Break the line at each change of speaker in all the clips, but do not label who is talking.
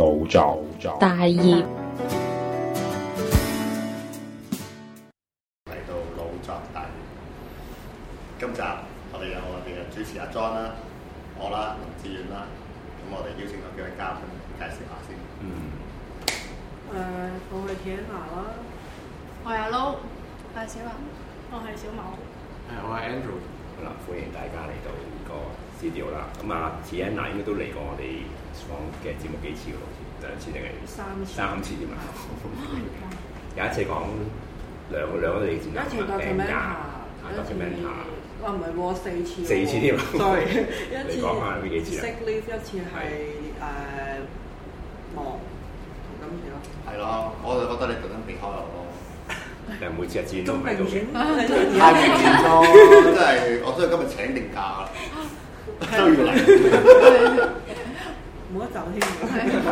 腦作大業，嚟到腦作大業，今集我哋有我哋嘅主持阿、啊、John 啦、啊，我啦、啊、林志遠啦、啊，咁我哋邀請咗幾位嘉賓介紹下先。嗯。誒、uh,，我係
Tiana
啦，我係阿 Low，我係小
林，我係小茂，uh, 我係 Andrew 啦，
歡迎大家嚟到個 studio 啦。咁啊，Tiana 應該都嚟過我哋。講嘅節目幾次喎？兩次定係三次？三次添啊！有一次講兩兩個你節目請假，請假啊，
唔係喎，四次四次添啊！對，一次講下幾次啊？slick 一次係
誒忙同今次咯，係咯，我就覺得你特
登避開我咯，因為每次一節都明顯啊！係明顯咯，真係我所以今日
請定假啦，
都要嚟。冇得走添，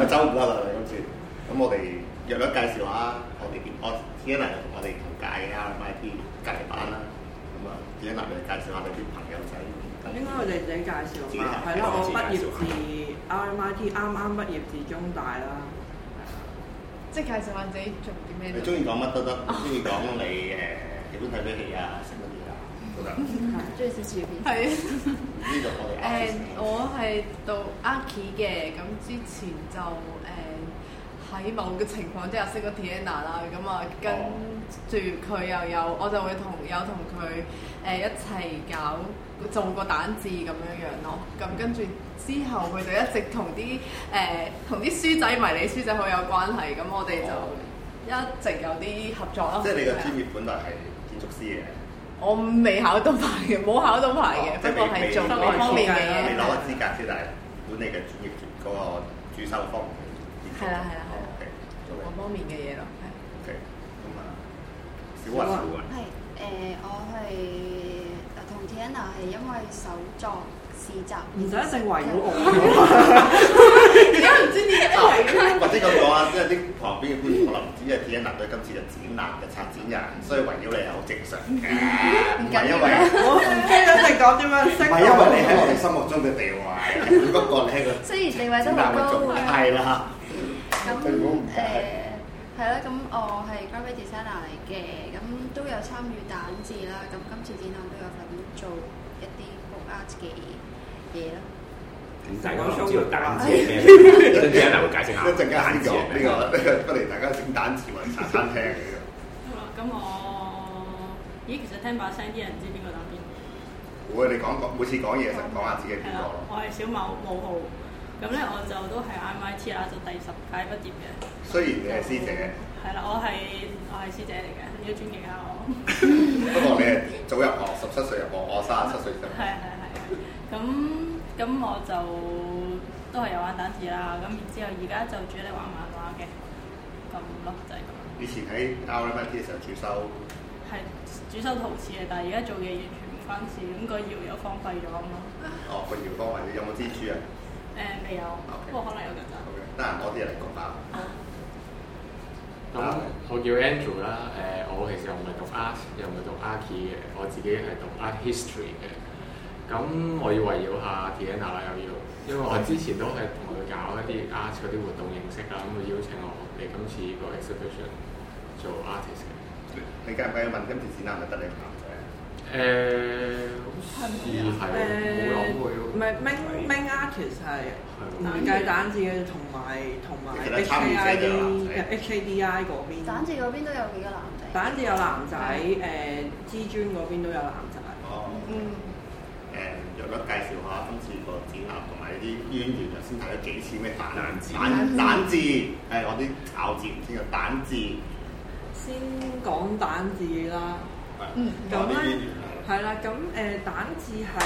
走唔得
啦！今次咁我哋約咗介紹下，我哋我自己嚟同我哋同屆嘅 RMIT 隔離班啦。咁啊，自己嚟介紹下你啲朋友仔。應該我哋自己介紹啦，
係咯，我畢業自 RMIT，啱啱畢業自中大啦。
即係介紹下自己做啲咩。你中意講乜都得，
中意講你誒，喜歡睇咩戲啊？
中意食薯片，係啊！呢度我誒我係讀 Archi 嘅，咁之前就誒喺某嘅情況之下識咗 Tiana 啦，咁啊跟住佢又有，我就會同有同佢誒一齊搞做個蛋誌咁樣樣咯。咁跟住之後，佢就一直同啲誒同啲書仔、迷你書仔好有關係。咁我哋就一直有啲合作咯。即係你嘅
專業本來係建築師嘅。
我未考到牌嘅，冇考到牌嘅，不過係做嗰方面嘅嘢。你攞個
資格先，但係管理嘅專業嗰個註冊方面，
係啦係啦係啦，做嗰方面嘅嘢咯。係
OK，咁啊，
小云小云，係誒，我係同 Tiana 係因為手作市集，唔使淨圍繞我，而家
唔知點解圍繞。
啲旁邊嘅觀眾可能唔知係點，但係今次嘅展覽
嘅策展人，
所以圍繞你係好正常嘅，唔緊要。我唔
驚，一定搞掂㗎。唔係因為你喺我
哋心目中嘅地位、那個，不過你
喺個雖然地位都唔高，係啦、exactly。咁誒，係啦、ah，咁、uh, 我係 graphic designer 嚟嘅，咁都有參與蛋誌啦。咁今次展覽都有份做一啲 book art 嘅嘢啦。我知道蛋誌咩？一
陣間會解釋。一陣間下呢個呢個，不如大家整蛋誌或者茶餐廳。咁我，咦，其實聽把聲啲人唔知邊個打邊個。會，
你講講每次講嘢成日講下自己邊個咯。
我係小某武浩，咁咧我就都係 M I T 啦，就第十屆畢業嘅。雖然你係師姐。係啦，我係我係師
姐嚟嘅，你要尊敬下我。不過你係早入學，十七歲入學，我三十七歲入。係係
咁。咁我就都係有玩蛋誌啦，咁然之後而家就主要玩漫畫嘅咁咯，就係。
以前喺 Art Department 時候接收。
係主修陶瓷嘅，但係而家做嘢完全唔關事，咁個窑又荒廢咗啊嘛。哦，個
窑荒廢，你有冇蜘蛛啊？
誒，未有，不過可能有得攤。得閒
攞啲嘢嚟講下。咁我叫 Andrew
啦，誒，我其實又唔係讀 Art，又唔係讀 Arts 嘅，我自己係讀 Art History 嘅。咁我要圍繞下 Tina 啦，又要，因為我之前都係同佢搞一啲 art 嗰啲活動認識啊。咁佢邀請我嚟今次個 exhibition 做 artist。你介唔介意問，今次展
覽係得你一個男仔啊？誒，似係冇攞過。
唔
係 main main artist 係蛋誌蛋誌嘅同埋同埋 HKD HKDI 嗰邊。蛋誌嗰邊都有幾個男
仔？
蛋誌有男仔，誒，知專嗰邊都有男仔。哦。嗯。
我介紹下今次個展覽同埋啲演員啊，先睇咗幾次咩蛋誌、哎、誌、蛋誌，係我啲炒字唔知個蛋誌
先講蛋誌啦。嗯，咁咧係啦，咁誒、嗯呃、蛋誌係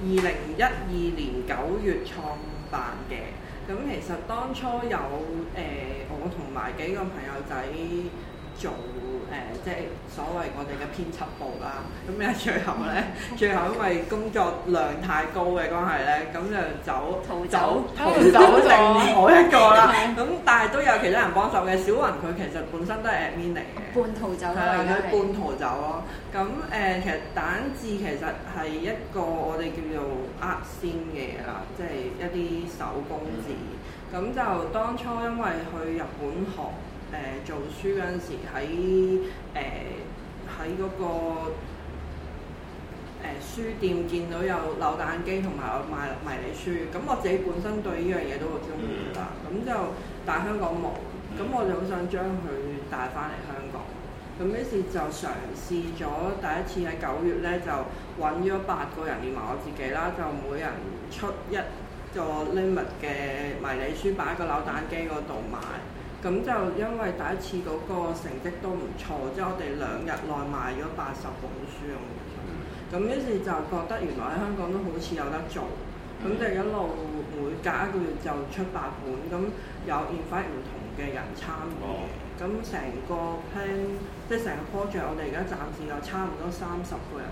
二零一二年九月創辦嘅。咁其實當初有誒、呃、我同埋幾個朋友仔。做誒、呃、即係所謂我哋嘅編輯部啦，咁、啊、咧最後咧，最後因為工作量太高嘅關係咧，咁、啊、就走逃酒走逃走剩我一個啦。咁的但係都有其他人幫手嘅，小雲佢其實本身都係 admin 嚟嘅，
半逃走係佢半
逃走咯。咁、啊、誒其實蛋誌其實係一個我哋叫做呃先嘅嘢啦，即係一啲手工字。咁、嗯、就當初因為去日本學。誒、呃、做書嗰陣時，喺誒喺嗰個誒、呃、書店見到有扭蛋機同埋有賣迷你書，咁我自己本身對呢樣嘢都好中意㗎啦。咁、mm hmm. 就但香港冇，咁、mm hmm. 我就好想將佢帶翻嚟香港。咁於是就嘗試咗第一次喺九月咧，就揾咗八個人連埋我自己啦，就每人出一個 limit 嘅迷你書，擺喺個扭蛋機嗰度賣。咁就因為第一次嗰個成績都唔錯，即、就、係、是、我哋兩日內賣咗八十本書咁。咁於是就覺得原來喺香港都好似有得做，咁、嗯、就一路每隔一個月就出八本，咁有 invite 唔同嘅人參與。咁成、哦、個 plan 即係成個 project，我哋而家暫時有差唔多三十個人。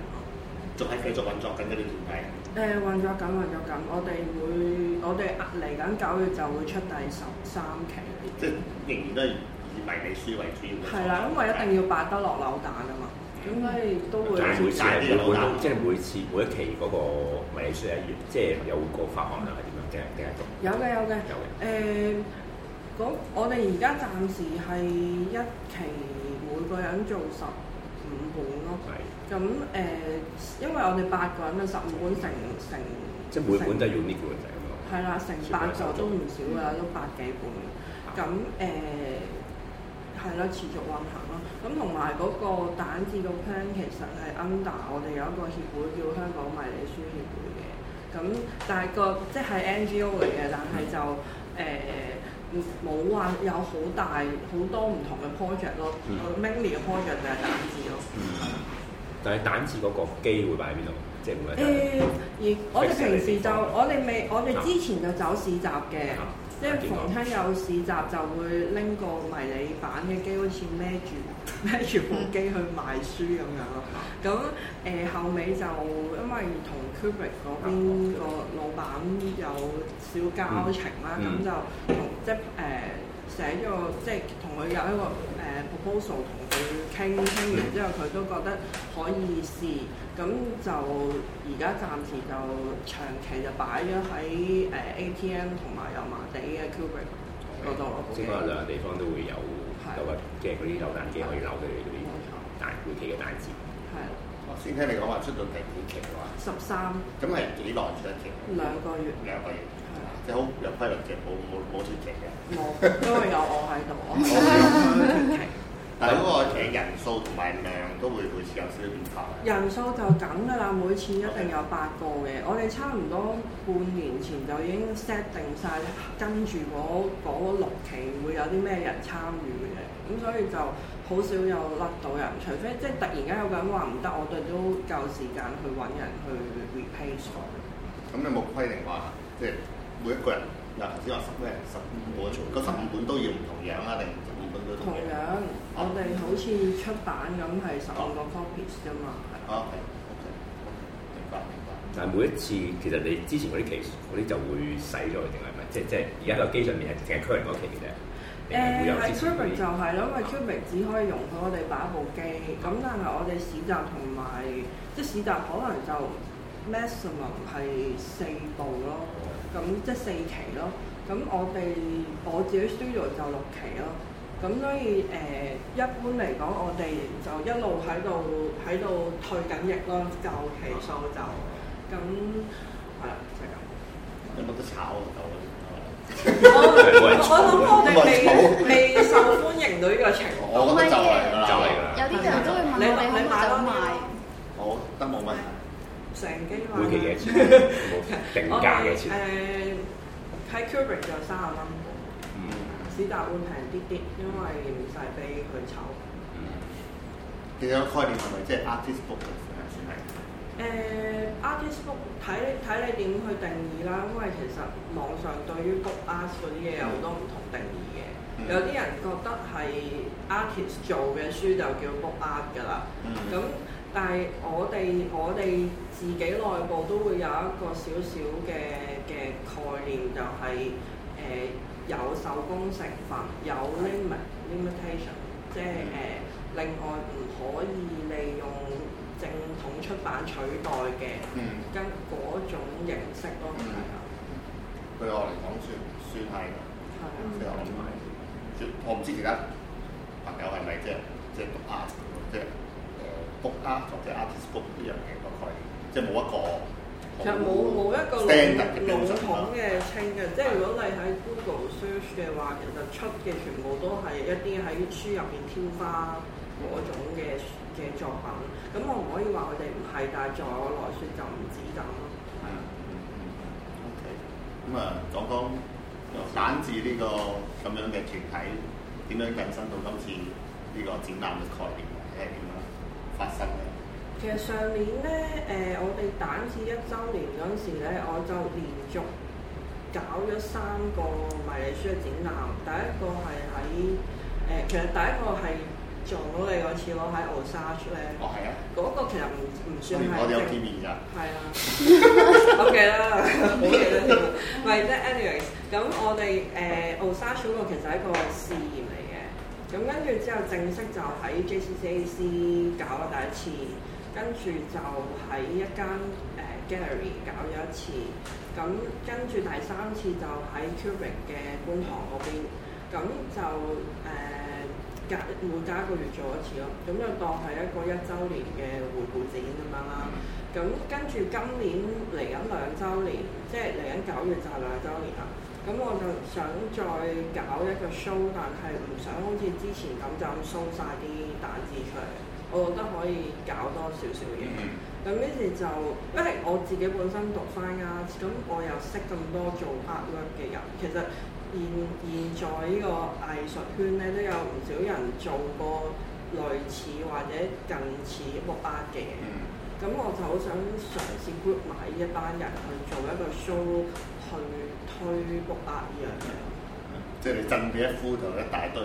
仲
係繼續運作緊嗰段時間。
誒運作緊運作緊，我哋會我哋額嚟緊九月就會出第十三期，即係
仍然都係以迷你書為主。係啦，因為
一定要擺得落樓蛋㗎嘛，應該、嗯、都會。每即
係每次每一期嗰個迷你書係即係有個發行量係點樣嘅定係
有嘅有嘅有嘅誒，咁、呃、我哋而家暫時係一期每個人做十五本咯。咁誒、嗯呃，因為我哋八個人啊，十五本成成，即係每本就用
呢個仔咯。係啦、嗯，成
八就都唔少㗎，都百幾本。咁誒、啊，係咯、嗯嗯，持續運行咯。咁同埋嗰個蛋誌嘅 plan 其實係 under，我哋有一個協會叫香港迷你書協會嘅。咁但係個即係 NGO 嚟嘅，但係、那個、就誒冇話有好大好多唔同嘅 project 咯。我 mainly 嘅、嗯、project 就係蛋誌咯。嗯
但係蛋誌嗰個機會擺喺邊度？即係會
唔會誒？而我哋平時就 我哋未，我哋之前就走市集嘅。啊、即係逢親有市集就會拎個迷你版嘅機，好似孭住孭住部機去賣書咁樣咯。咁誒、 呃、後尾就因為同 Cubric 嗰邊個老闆有少交情啦，咁、嗯嗯、就、呃、即係誒。呃寫咗即係同佢有一個誒、呃、proposal 同佢傾，傾完之後佢都覺得可以試，咁就而家暫時就長期就擺咗喺誒 ATM 同埋油麻地嘅 cubic
度。e 個多羅普嘅。兩個地方都會有有個即係嗰啲扭蛋機可以扭
俾你嗰啲大會期嘅大子。係我先聽你講話出到第五期嘅
話，十三 13。咁係幾耐
出一期？兩個月。兩個月。
即好有規律嘅，冇冇冇斷劇嘅。冇，因為有我喺
度 我啊。我 但係嗰個嘅人數同埋量都會每次有少少變差，
人數就咁㗎啦，每次一定有八個嘅。我哋差唔多半年前就已經 set 定晒，跟住嗰六期會有啲咩人參與嘅，咁所以就好少有甩到人。除非即係突然間有個人話唔得，我哋都夠時間去揾人去 replace 咁
你冇規定話即係？每一個人，嗱、啊，頭先話十咩十五個組，嗰十五本都要唔同樣啊？定十五本都同樣？同樣 oh. 我哋好似
出版咁係十五個 copy 啫嘛。啊，係明白明白。明白
但係每一次，其實你之前嗰啲期，嗰啲就會洗咗嘅，定係咪？係？即即係而家個機上面係淨係 coupon 嗰期嘅啫。
誒係 coupon 就係、是、咯，因為 coupon 只可以用喺我哋八部機咁，oh. 但係我哋市集同埋即市集可能就 maximum 係四部咯。咁即四期咯，咁我哋我自己輸咗就六期咯，咁所以誒一般嚟講，我哋就一路喺度喺度退緊役咯，就期數就咁係啦，就係咁。有冇得炒
唔到啊？我我諗我哋未未受
歡迎到呢個情況，唔係嘅，就嚟啦，有啲人都會問你，你買唔買？好得，冇問題。成機買，我係誒睇 Cubic 就三十蚊，史達會平啲啲，因為唔使俾佢炒。其
實、mm hmm. 嗯、個概念係咪即係 artist book 嘅，誒算
係？誒 artist book 睇睇你點去定義啦，因為其實網上對於 book arts 嗰啲嘢有好多唔同定義嘅，mm hmm. 有啲人覺得係 artist 做嘅書就叫 book art 噶啦。咁、mm hmm. 但係我哋我哋自己內部都會有一個少少嘅嘅概念，就係、是、誒、呃、有手工成分，有 limit limitation，即係誒另外唔可以利用正統出版取代嘅，嗯、跟嗰種形式咯，係啊、嗯，對我嚟講算算係嘅，
非常之賣。算、嗯、我唔是知其他朋友係咪即係即係 book art，即係誒 book art 或者 artist book 呢樣嘢。即係冇一個，
其實冇冇一個統統嘅清嘅，即係如果你喺 Google Search 嘅話，其實出嘅全部都係一啲喺書入邊挑花嗰種嘅嘅作品，咁我唔可以話佢哋唔係，但係在我來説就唔止咁咯、嗯。嗯嗯嗯，OK。咁
啊，講講蛋誌呢個咁樣嘅團體點樣更新到今次呢個展覽嘅概
念係點樣發生嘅？其實上年咧，誒、呃、我哋蛋誌一周年嗰陣時咧，我就連續搞咗三個迷你書嘅展覽。第一個係喺誒，其實第一個係做咗你嗰次咯，喺 Oshag 咧。哦，係啊。嗰個其實唔唔算係。我哋有見面㗎。係啊。O K 啦，O K 啦。唔 係， 即係 anyways，咁我哋誒 Oshag 嗰個其實係一個試驗嚟嘅。咁跟住之後正式就喺 JCCC 搞咗第一次。跟住就喺一間誒 gallery 搞咗一次，咁跟住第三次就喺 Cubic 嘅觀塘嗰邊，咁就誒隔每隔一個月做一次咯，咁就當係一個一週年嘅回顧展咁樣啦。咁跟住今年嚟緊兩週年，即係嚟緊九月就係兩週年啦。咁我就想再搞一個 show，但係唔想好似之前咁就 show 晒啲蛋誌出嚟。我覺得可以搞多少少嘢，咁於是就，因為我自己本身讀翻啊，咁我又識咁多做額率嘅人，其實現現在呢個藝術圈咧都有唔少人做過類似或者近似木 o o 嘅嘢，咁、嗯、我就好想嘗試 group 埋呢一班人去做一個 show 去推木 o o 呢樣嘢，
即係你震佢一呼就一大堆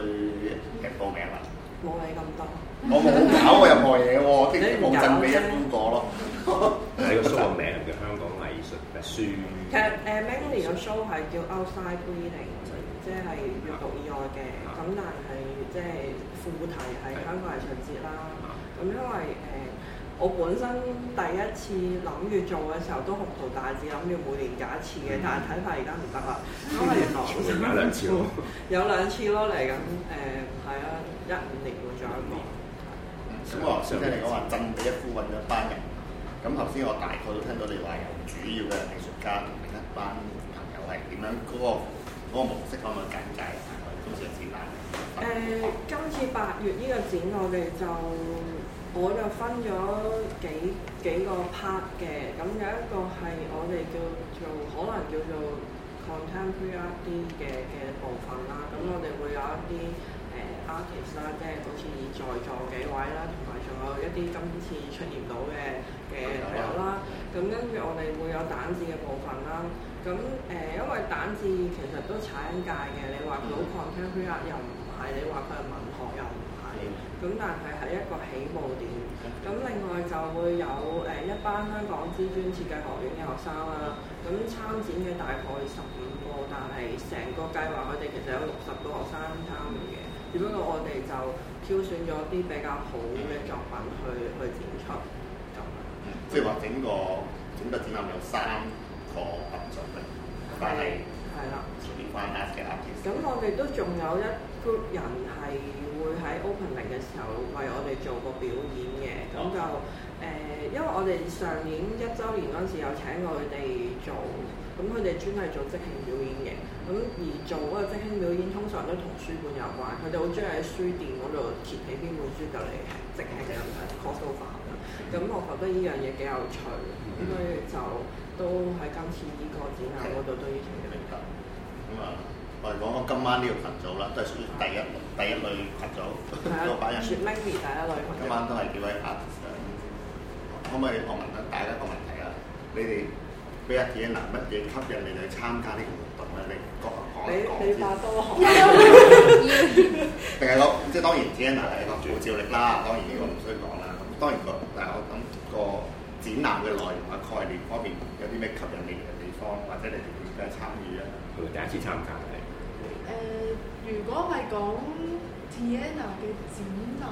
嘅報名啦。嗯
冇你咁多、 哦，我冇搞過任何嘢喎，啲網上俾人污我咯。
你
個 show 個名
係叫香港藝術，
誒誒 Mandy 個 show 係叫 Outside Reading，的即係即係閱讀以外嘅，咁的但係即係副題喺香港係藝術節啦，咁的的因為誒。呃我本身第一次諗住做嘅時候都宏圖大志，諗住每年搞一次嘅，但係睇法而家唔得啦，因為原來每年搞兩次， 有兩次咯嚟緊誒，係啊，一、嗯、五年會再一年。咁啊、嗯，相對你講話真地一呼雲一班人。咁頭先我大概都聽到
你話有主要嘅藝術家同另一班朋友係點樣嗰、那個嗰個模式可唔可以簡介？大概咁樣展覽。
誒、嗯，今次八月呢個展我哋就。我就分咗幾幾個 part 嘅，咁有一個係我哋叫做可能叫做 contemporary 啲嘅嘅部分啦，咁我哋會有一啲誒、呃、artist 啦，即係好似在座幾位啦，同埋仲有一啲今次出現到嘅嘅朋友啦，咁跟住我哋會有蛋誌嘅部分啦，咁誒、呃、因為蛋誌其實都踩緊界嘅，你話佢好 contemporary 又唔係，你話佢係文學又。咁但係係一個起步點，咁另外就會有誒一班香港知專設計學院嘅學生啦。咁參展嘅大概十五個，但係成個計劃佢哋其實有六十個學生參與嘅。只不過我哋就挑選咗啲比較好嘅作品去、嗯、去展出咁。
即係話整個總體展覽有三個合作嘅，但係係啦，
咁我哋都仲有一 group 人係喺 Opening 嘅時候為我哋做過表演嘅。咁就誒、呃，因為我哋上年一週年嗰陣時有請過佢哋做，咁佢哋專係做即興表演嘅，咁而做嗰個即興表演通常都同書本有關，佢哋好中意喺書店嗰度貼起邊本書就嚟即興咁樣 cost，咁我覺得呢樣嘢幾有趣，咁咪、嗯、就都喺今次呢個展覽度，Okay. 都要請。咁啊，我哋講翻今晚呢個群組啦，都係屬於
第一。嗯第一類羣組，個百人。雪明義第一類羣。今晚都係幾位 artist？可唔可以我問下大家一個問題啊？你哋咩嘢嗱，乜嘢吸引你哋去參加呢個活動啊？你各人講你你話多學。定係講，即係當然，Tina 係個號召力啦。當然呢個唔需要講啦。咁當然個，但係我諗個展覽嘅內容啊、概念方面有啲咩吸引你嘅地方，或者你哋點解參與啊？佢第一次參加係。
如果係講 Tiana 嘅展覽，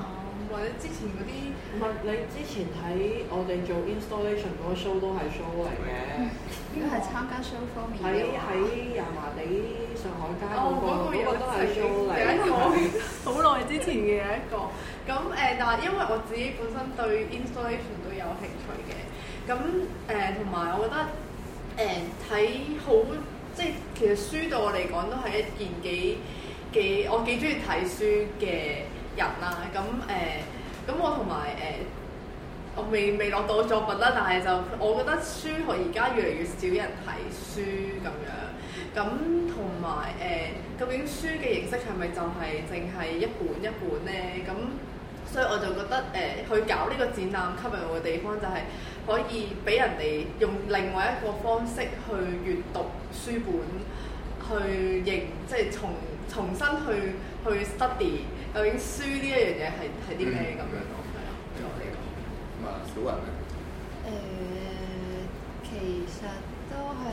或者之前嗰啲唔係你之前睇我哋做 installation 嗰 show 都係 show 嚟嘅，
應該係 參加 show 方面喺喺
油麻地上海街
嗰、哦、港個嘢都係 show 嚟嘅，我
好耐之前嘅一個咁誒、 呃。但因為我自己本身對 installation 都有興趣嘅，咁誒同埋我覺得誒睇、呃、好即係其實書對我嚟講都係一件幾。幾我幾中意睇書嘅人啦、啊，咁誒咁我同埋誒我未未落到作品啦，但係就我覺得書學而家越嚟越少人睇書咁樣，咁同埋誒究竟書嘅形式係咪就係淨係一本一本咧？咁、嗯、所以我就覺得誒、嗯嗯、去搞呢個展覽吸引我嘅地方就係可以俾人哋用另外一個方式去閱讀書本，去認即係從。就是從重新去去 study 究竟書呢一、嗯、樣嘢係係啲咩咁？咁樣講係啊，咁我嚟講，咁啊小雲咧，
誒其實都係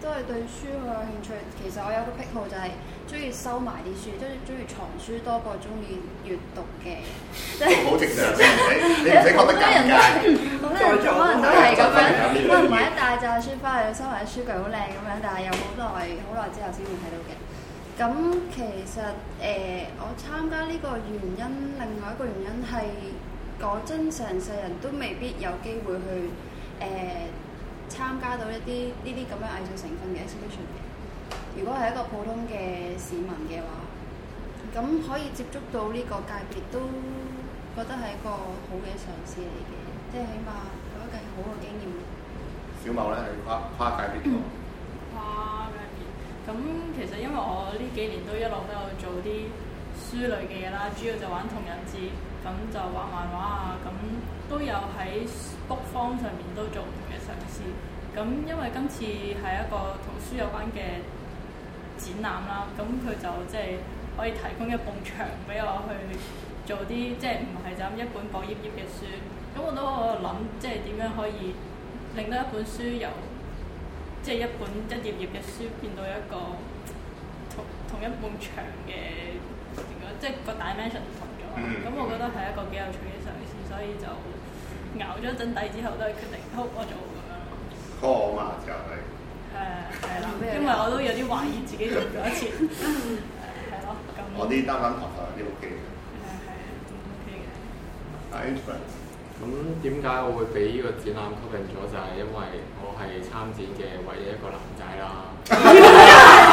都係對書好有興趣。其實我有個癖好就係中意收埋啲書，都中意藏書多過中意閱讀嘅。即係好正常，你唔使覺得尷尬。好多人都係咁樣，可能買一大紮書翻去收埋喺書櫃，好靚咁樣，但係又好多係好耐之後先會睇到嘅。咁其實誒、呃，我參加呢個原因，另外一個原因係，講真成世人都未必有機會去誒、呃、參加到一啲呢啲咁樣藝術成分嘅 exhibition 嘅。如果係一個普通嘅市民嘅話，咁可以接觸到呢個界別，都覺得係一個好嘅嘗試嚟嘅，即係起碼有一個好嘅經驗。小茂咧
係跨界啲多。嗯
咁其實因為
我呢幾年都一路都有做啲書類嘅嘢啦，主要就玩同人誌，咁就畫漫畫啊，咁都有喺 book 方上面都做唔同嘅嘗試。咁因為今次係一個同書有關嘅展覽啦，咁佢就即係可以提供一埲牆俾我去做啲即係唔係就咁一本薄頁頁嘅書。咁我都喺度諗，即係點樣可以令到一本書由即係一本一頁頁嘅書變到一個同同一本長嘅，即係個 dimension 唔同咗 AM。咁我覺得係一個幾有趣嘅嘗試，所以就咬咗、mm. 一陣底之後都係決定好我做咁樣。
好、嗯、嘛人家就係、是。
係係啦，因為我都有啲懷疑自己做咗一次，係咯。
我啲擔返頭啊，啲 OK 嘅。係係 OK
嘅。大隻版。咁點解我會俾呢個展覽吸引咗？就係因為。我係參展嘅唯一一個男仔啦，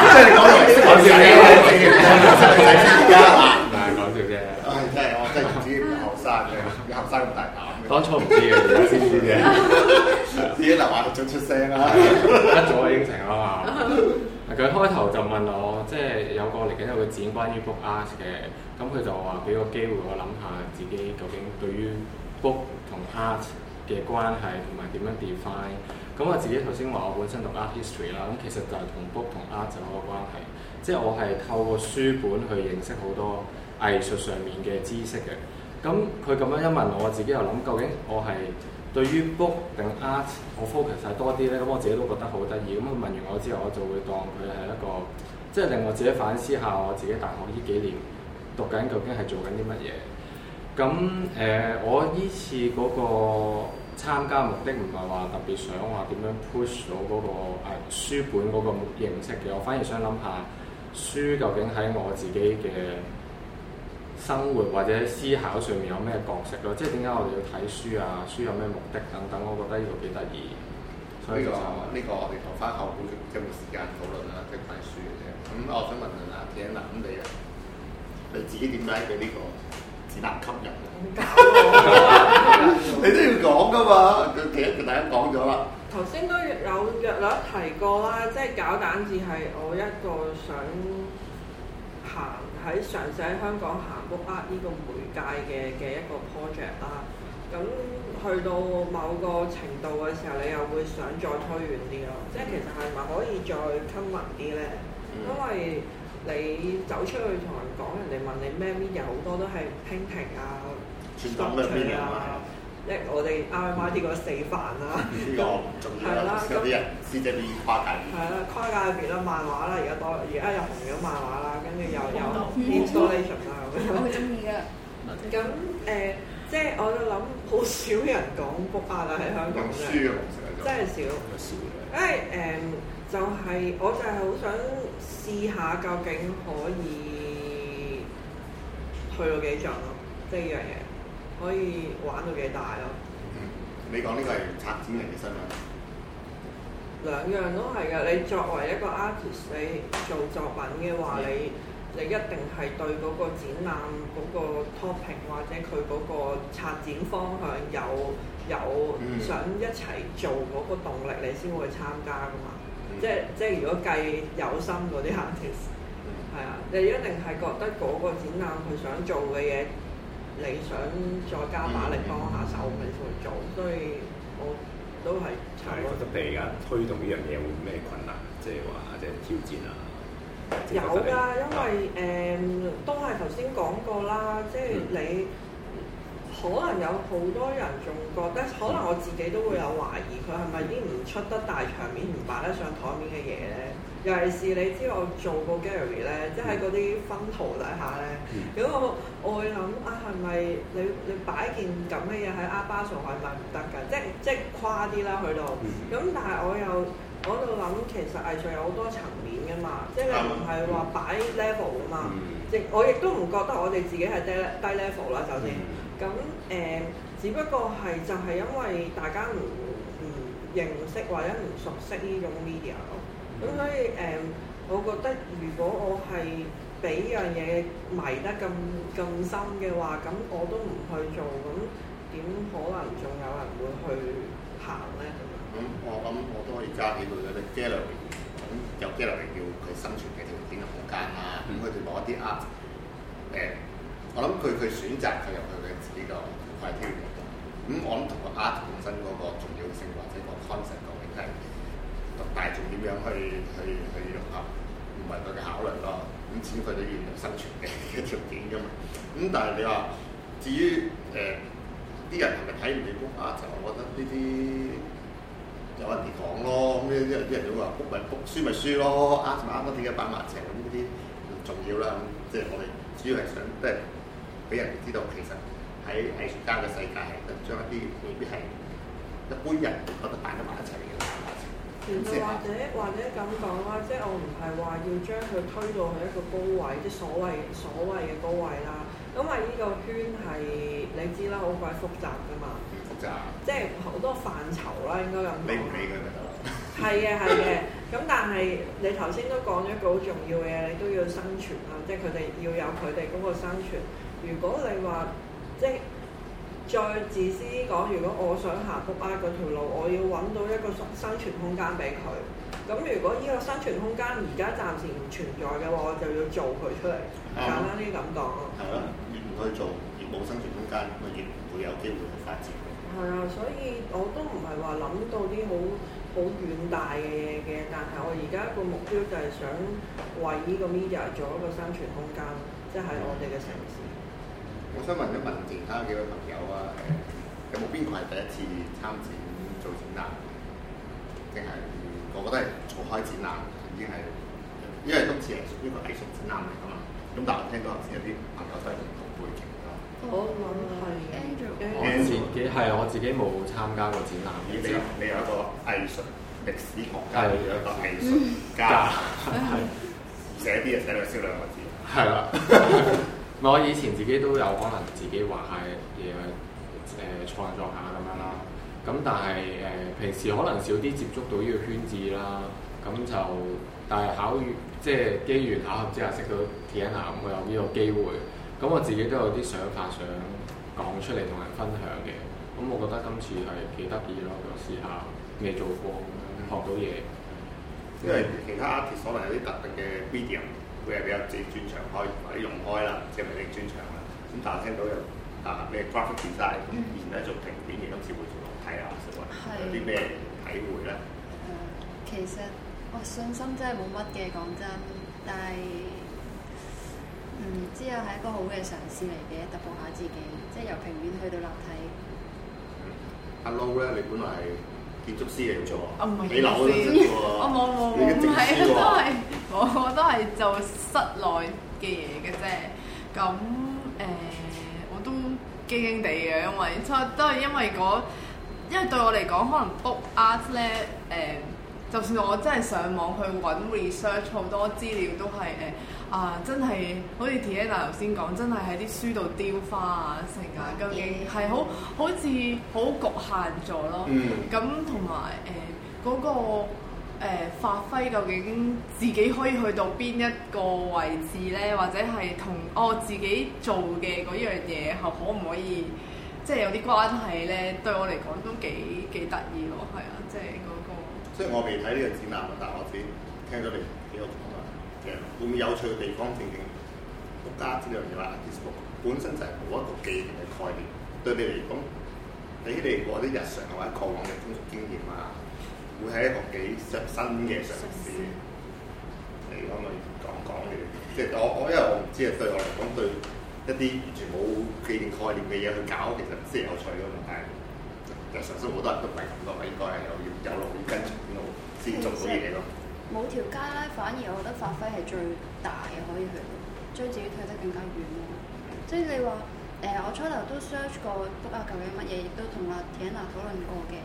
即係講笑啫說 lush，講笑啫，講笑啫，唔係講笑啫。唉，真係我真
係唔知唔後生嘅，唔後生咁大膽。當初唔知嘅，而家先知嘅，自己留話要出出聲啦，
一早應承啦嘛。佢 開頭就問我，即係有個嚟緊、erm, 有個展關於 book art 嘅，咁佢就話俾個機會我諗下自己究竟對於 book 同 art 嘅關係同埋點樣 define？咁、嗯、我自己頭先話我本身讀 art history 啦、嗯，咁其實就係同 book 同 art 就走嘅關係，即係我係透過書本去認識好多藝術上面嘅知識嘅。咁佢咁樣一問我，我自己又諗究竟我係對於 book 定 art 我 focus 晒多啲呢？嗯，咁我自己都覺得好得意。咁、嗯、問完我之後，我就會當佢係一個即係、就是、令我自己反思下，我自己大學呢幾年讀緊究竟係做緊啲乜嘢。咁誒、呃，我依次嗰個參加目的唔係話特別想話點樣 push 到嗰個誒、呃、書本嗰個形式嘅，我反而想諗下書究竟喺我自己嘅生活或者思考上面有咩角色咯？即係點解我哋要睇書啊？書有咩目的等等，我覺得呢個幾得意。所以呢
個呢個，這個、我哋留翻後半今日時間討論啦，啊、即係睇書嘅啫。咁我想問問阿井嗱，咁、嗯、你你自己點解佢呢個？難吸引。你都要講噶嘛？佢其實大家講咗啦。
頭先都有有有提過啦，即係搞蛋誌係我一個想行喺嘗試喺香港行 book art 呃呢個媒介嘅嘅一個 project 啦。咁去到某個程度嘅時候，你又會想再推遠啲咯。嗯、即係其實係咪可以再深入啲咧？嗯、因為你走出去同人講，人哋問你咩 media 有好多都係蜻蜓啊、昆蟲啊，一我哋 IYT 個四萬啦，都
係啦咁啲人編者被誇
大。係啦，誇大入別啦漫畫啦，而家多，而家又紅咗漫畫啦，跟住又有 illustration 啊，咁佢中意㗎。咁誒，即係我諗，好少人講 book 喺香港真係真係少，因為誒。就係、是，我就係好想試下究竟可以去到幾盡咯，即係一樣嘢可以玩到幾大咯、嗯。你講
呢個係策展嚟嘅新聞，
兩樣都係嘅。你作為一個 artist，你做作品嘅話，嗯、你你一定係對嗰個展覽嗰個 topic 或者佢嗰個策展方向有有想一齊做嗰個動力，你先會參加噶嘛。嗯、即即如果計有心嗰啲客，係啊，你一定係覺得嗰個展覽佢想做嘅嘢，你想再加把力幫下手先去做，嗯嗯、所以我都係、嗯。覺
得而家推動呢樣嘢會咩困難？即係話即係挑戰啊？
有㗎，因為誒、嗯嗯、都係頭先講過啦，即係你。嗯可能有好多人仲覺得，可能我自己都會有懷疑佢係咪已經唔出得大場面、唔擺得上台面嘅嘢咧？尤其是你知我做過 gallery 咧，即係嗰啲分圖底下咧，咁、嗯、我我會諗啊，係咪你你擺件咁嘅嘢喺阿巴上係咪唔得㗎？即即誇啲啦，去到咁，嗯、但係我又我度諗，其實藝術有好多層面㗎嘛，即係你唔係話擺 level 㗎嘛？嗯嗯、即我亦都唔覺得我哋自己係低低 level 啦，首先。嗯咁誒、呃，只不過係就係因為大家唔唔認識或者唔熟悉呢種 media，咁、嗯、所以誒、呃，我覺得如果我係俾樣嘢迷得咁咁深嘅話，咁我都唔去做，咁點可能仲有人會去行咧？咁、嗯，咁
我咁我都可以加幾對嗰啲 gallery，咁有 gallery 叫佢生存嘅條件空間啊，咁佢哋攞啲 a p 我諗佢佢選擇進入佢嘅自己個軌跡度，咁我諗同個 artist 本身嗰個重要性或者個 concept 究竟都係大眾點樣去去去融合，唔係佢嘅考慮咯。咁至係佢哋原來生存嘅條件啫嘛。咁但係你話至於誒啲、呃、人係咪睇唔起 book 啊就我覺得呢啲有人哋講咯，咁呢啲人啲人就會話：讀咪讀書咪書咯 artist 啱得點嘅擺埋一齊咁呢啲唔重要啦。咁即係我哋主要係想即係。就是俾人哋知道，其實喺藝術家嘅世界係將一啲未必係一般人可能擺得埋一齊嘅嘢擺埋一齊。咁
即係或者或者咁講啦，即係我唔係話要將佢推到去一個高位，即係所謂所謂嘅高位啦。咁啊，呢個圈係你知啦，好鬼複雜噶嘛，複雜，即係好多範疇啦，應該咁講。你唔俾佢就得啦。係嘅，係嘅。咁但係你頭先都講咗一個好重要嘅嘢，你都要生存啊！即係佢哋要有佢哋嗰個生存。如果你話即係再自私啲講，如果我想行福巴嗰條路，我要揾到一個生存空間俾佢。咁如果呢個生存空間而家暫時唔存在嘅話，我就要做佢出嚟。簡單啲咁講，係咯，越唔去做，越冇
生存空間，咪越唔會有機會
去發展。係啊，所以我都唔係話諗到啲好好遠大嘅嘢嘅，但係我而家個目標就係想為呢個 media 做一個生存空間，即係喺我哋嘅城市。
我想問一問其他幾位朋友啊，有冇邊個係第一次參展做展覽，定係我覺得係做開展覽，已經係，因為今次係屬於個藝術展覽嚟㗎嘛。咁但係我聽到有啲朋友都係唔同背景㗎。我
係藝術嘅。我自
己係我自己冇參加過展覽，你有一個
藝術歷史學家，你有一個藝術家，係、嗯、寫啲嘢
寫
到少兩個字。係啦。
我以前自己都有可能自己畫下嘢，誒、呃、創作下咁樣啦。咁但係誒、呃、平時可能少啲接觸到呢個圈子啦。咁、嗯、就但係考完即係機緣巧合之下識到 Tina，咁我有呢個機會。咁、嗯、我自己都有啲想法想講出嚟同人分享嘅。咁、嗯、我覺得今次係幾得意咯，就試下未做過，
學到嘢。嗯、因為其他 artist 可能有啲特別嘅 medium 佢係比較自己專長開或者用開啦，即係咪你專長啊？咁但係聽到又啊、嗯，你係 graphic design 平面，今次換成立體啊，嗯、有啲咩體會咧、嗯？
其實我信心真係冇乜嘅，講真，但係嗯，之後係一個好嘅嘗試嚟嘅，突破下自己，即係由平面去到立體。
阿 Low 咧，way，你本來係。
建築師嚟做啊？唔係建築師，我冇冇冇，唔係，都係我我都係做室內嘅嘢嘅啫。咁誒，我都驚驚地嘅，因為都都係因為嗰，因為對我嚟講，可能 book art 咧、呃、誒。就算我真係上網去揾 research 好多資料都，都係誒啊！真係好似 Tiana 頭先講真係喺啲書度雕花啊，成啊！究竟係 Yeah. 好好似好局限咗咯。咁同埋誒嗰個誒、呃、發揮，究竟自己可以去到邊一個位置咧？或者係同、哦、我自己做嘅嗰樣嘢，係可唔可以即係有啲關係咧？對我嚟講都幾幾得意咯，係啊，即、就、係、係嗰個。即係我未
睇呢個展覽啊，但係我自己聽咗你幾個講法啊，即係 Yeah. 會唔會有趣嘅地方正經？正正國家之類嘢話 Facebook 本身就係冇一個紀念嘅概念，對你嚟講，俾你嗰啲日常或者過往嘅工作經驗啊，會係一個幾新嘅嘗試嚟講，講，咪講講嘅。即係我我因為我唔知啊，對我嚟講，對一啲完全冇紀念概念嘅嘢去搞，其實先有趣嘅，但係。其實都好多人都唔係咁覺，應該係有要有路去跟隨路先做
到嘢咯。冇條街咧，反而我覺得發揮係最大嘅，可以去將自己推得更加遠喎。即係你話誒，我初頭都 search 過 book 啊，究竟乜嘢？亦都同阿 Tiana 討論過嘅。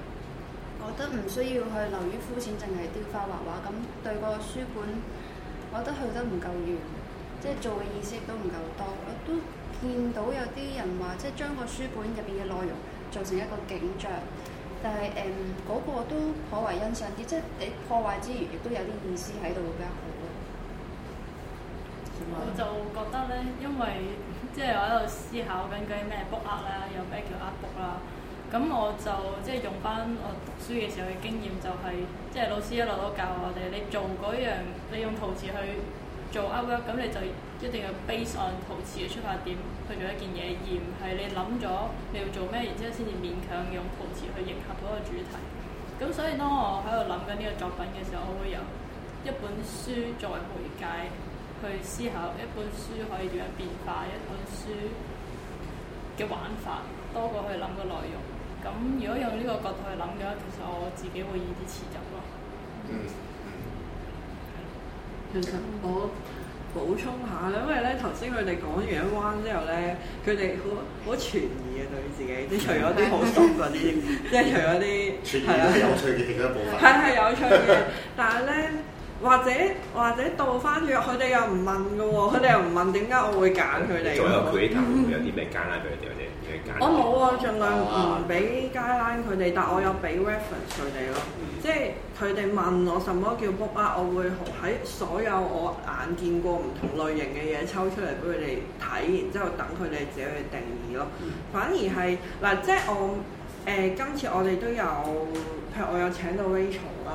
我覺得唔需要去流於膚淺，淨係雕花畫畫咁對個書本，我覺得去得唔夠遠，即係做嘅意思都唔夠多。我都見到有啲人話，即係將個書本入邊嘅內容。造成一個景象，但係誒嗰個都頗為欣賞啲，即係你破壞之餘，亦都有啲意思喺度，會比較好咯。我就
覺得咧，因為即係我喺度思考緊嗰咩 book 額啦，有咩叫額 book 啦、啊。咁我就即係用翻我讀書嘅時候嘅經驗，就是，就係即係老師一路都教我哋，你做嗰樣，你用陶瓷去做 u 額，咁你就。一定要 base on 陶瓷嘅出發點去做一件嘢，而唔係你諗咗你要做咩，然之後先至勉強用陶瓷去迎合嗰個主題。咁所以當我喺度諗緊呢個作品嘅時候，我會有一本書作為媒介去思考一本書可以點樣變化，一本書嘅玩法多過去諗個內容。咁如果用呢個角度去諗嘅話，其實我自己會以之始終咯。嗯。
我補充下啦，因為咧頭先佢哋講完一彎之後咧，佢哋好好傳疑嘅對自己，即係除咗啲好熟嗰啲，即係除咗啲係啊有趣嘅另一部分。係係有趣嘅，但係咧或者或者倒翻轉，佢哋又唔問嘅喎，佢哋又唔問點解我會揀佢哋。仲有佢呢
頭有啲咩 guideline 俾佢哋去揀？我冇
啊，儘量唔俾 guideline 佢哋，但係我有俾 reference 佢哋咯。.即係佢哋問我什麼叫 book 啊，我會喺所有我眼見過唔同類型嘅嘢抽出嚟俾佢哋睇，然之後等佢哋自己去定義咯。嗯、反而係嗱、呃，即係我誒、呃、今次我哋都有譬如我有請到 Rachel、嗯、Rachel 啦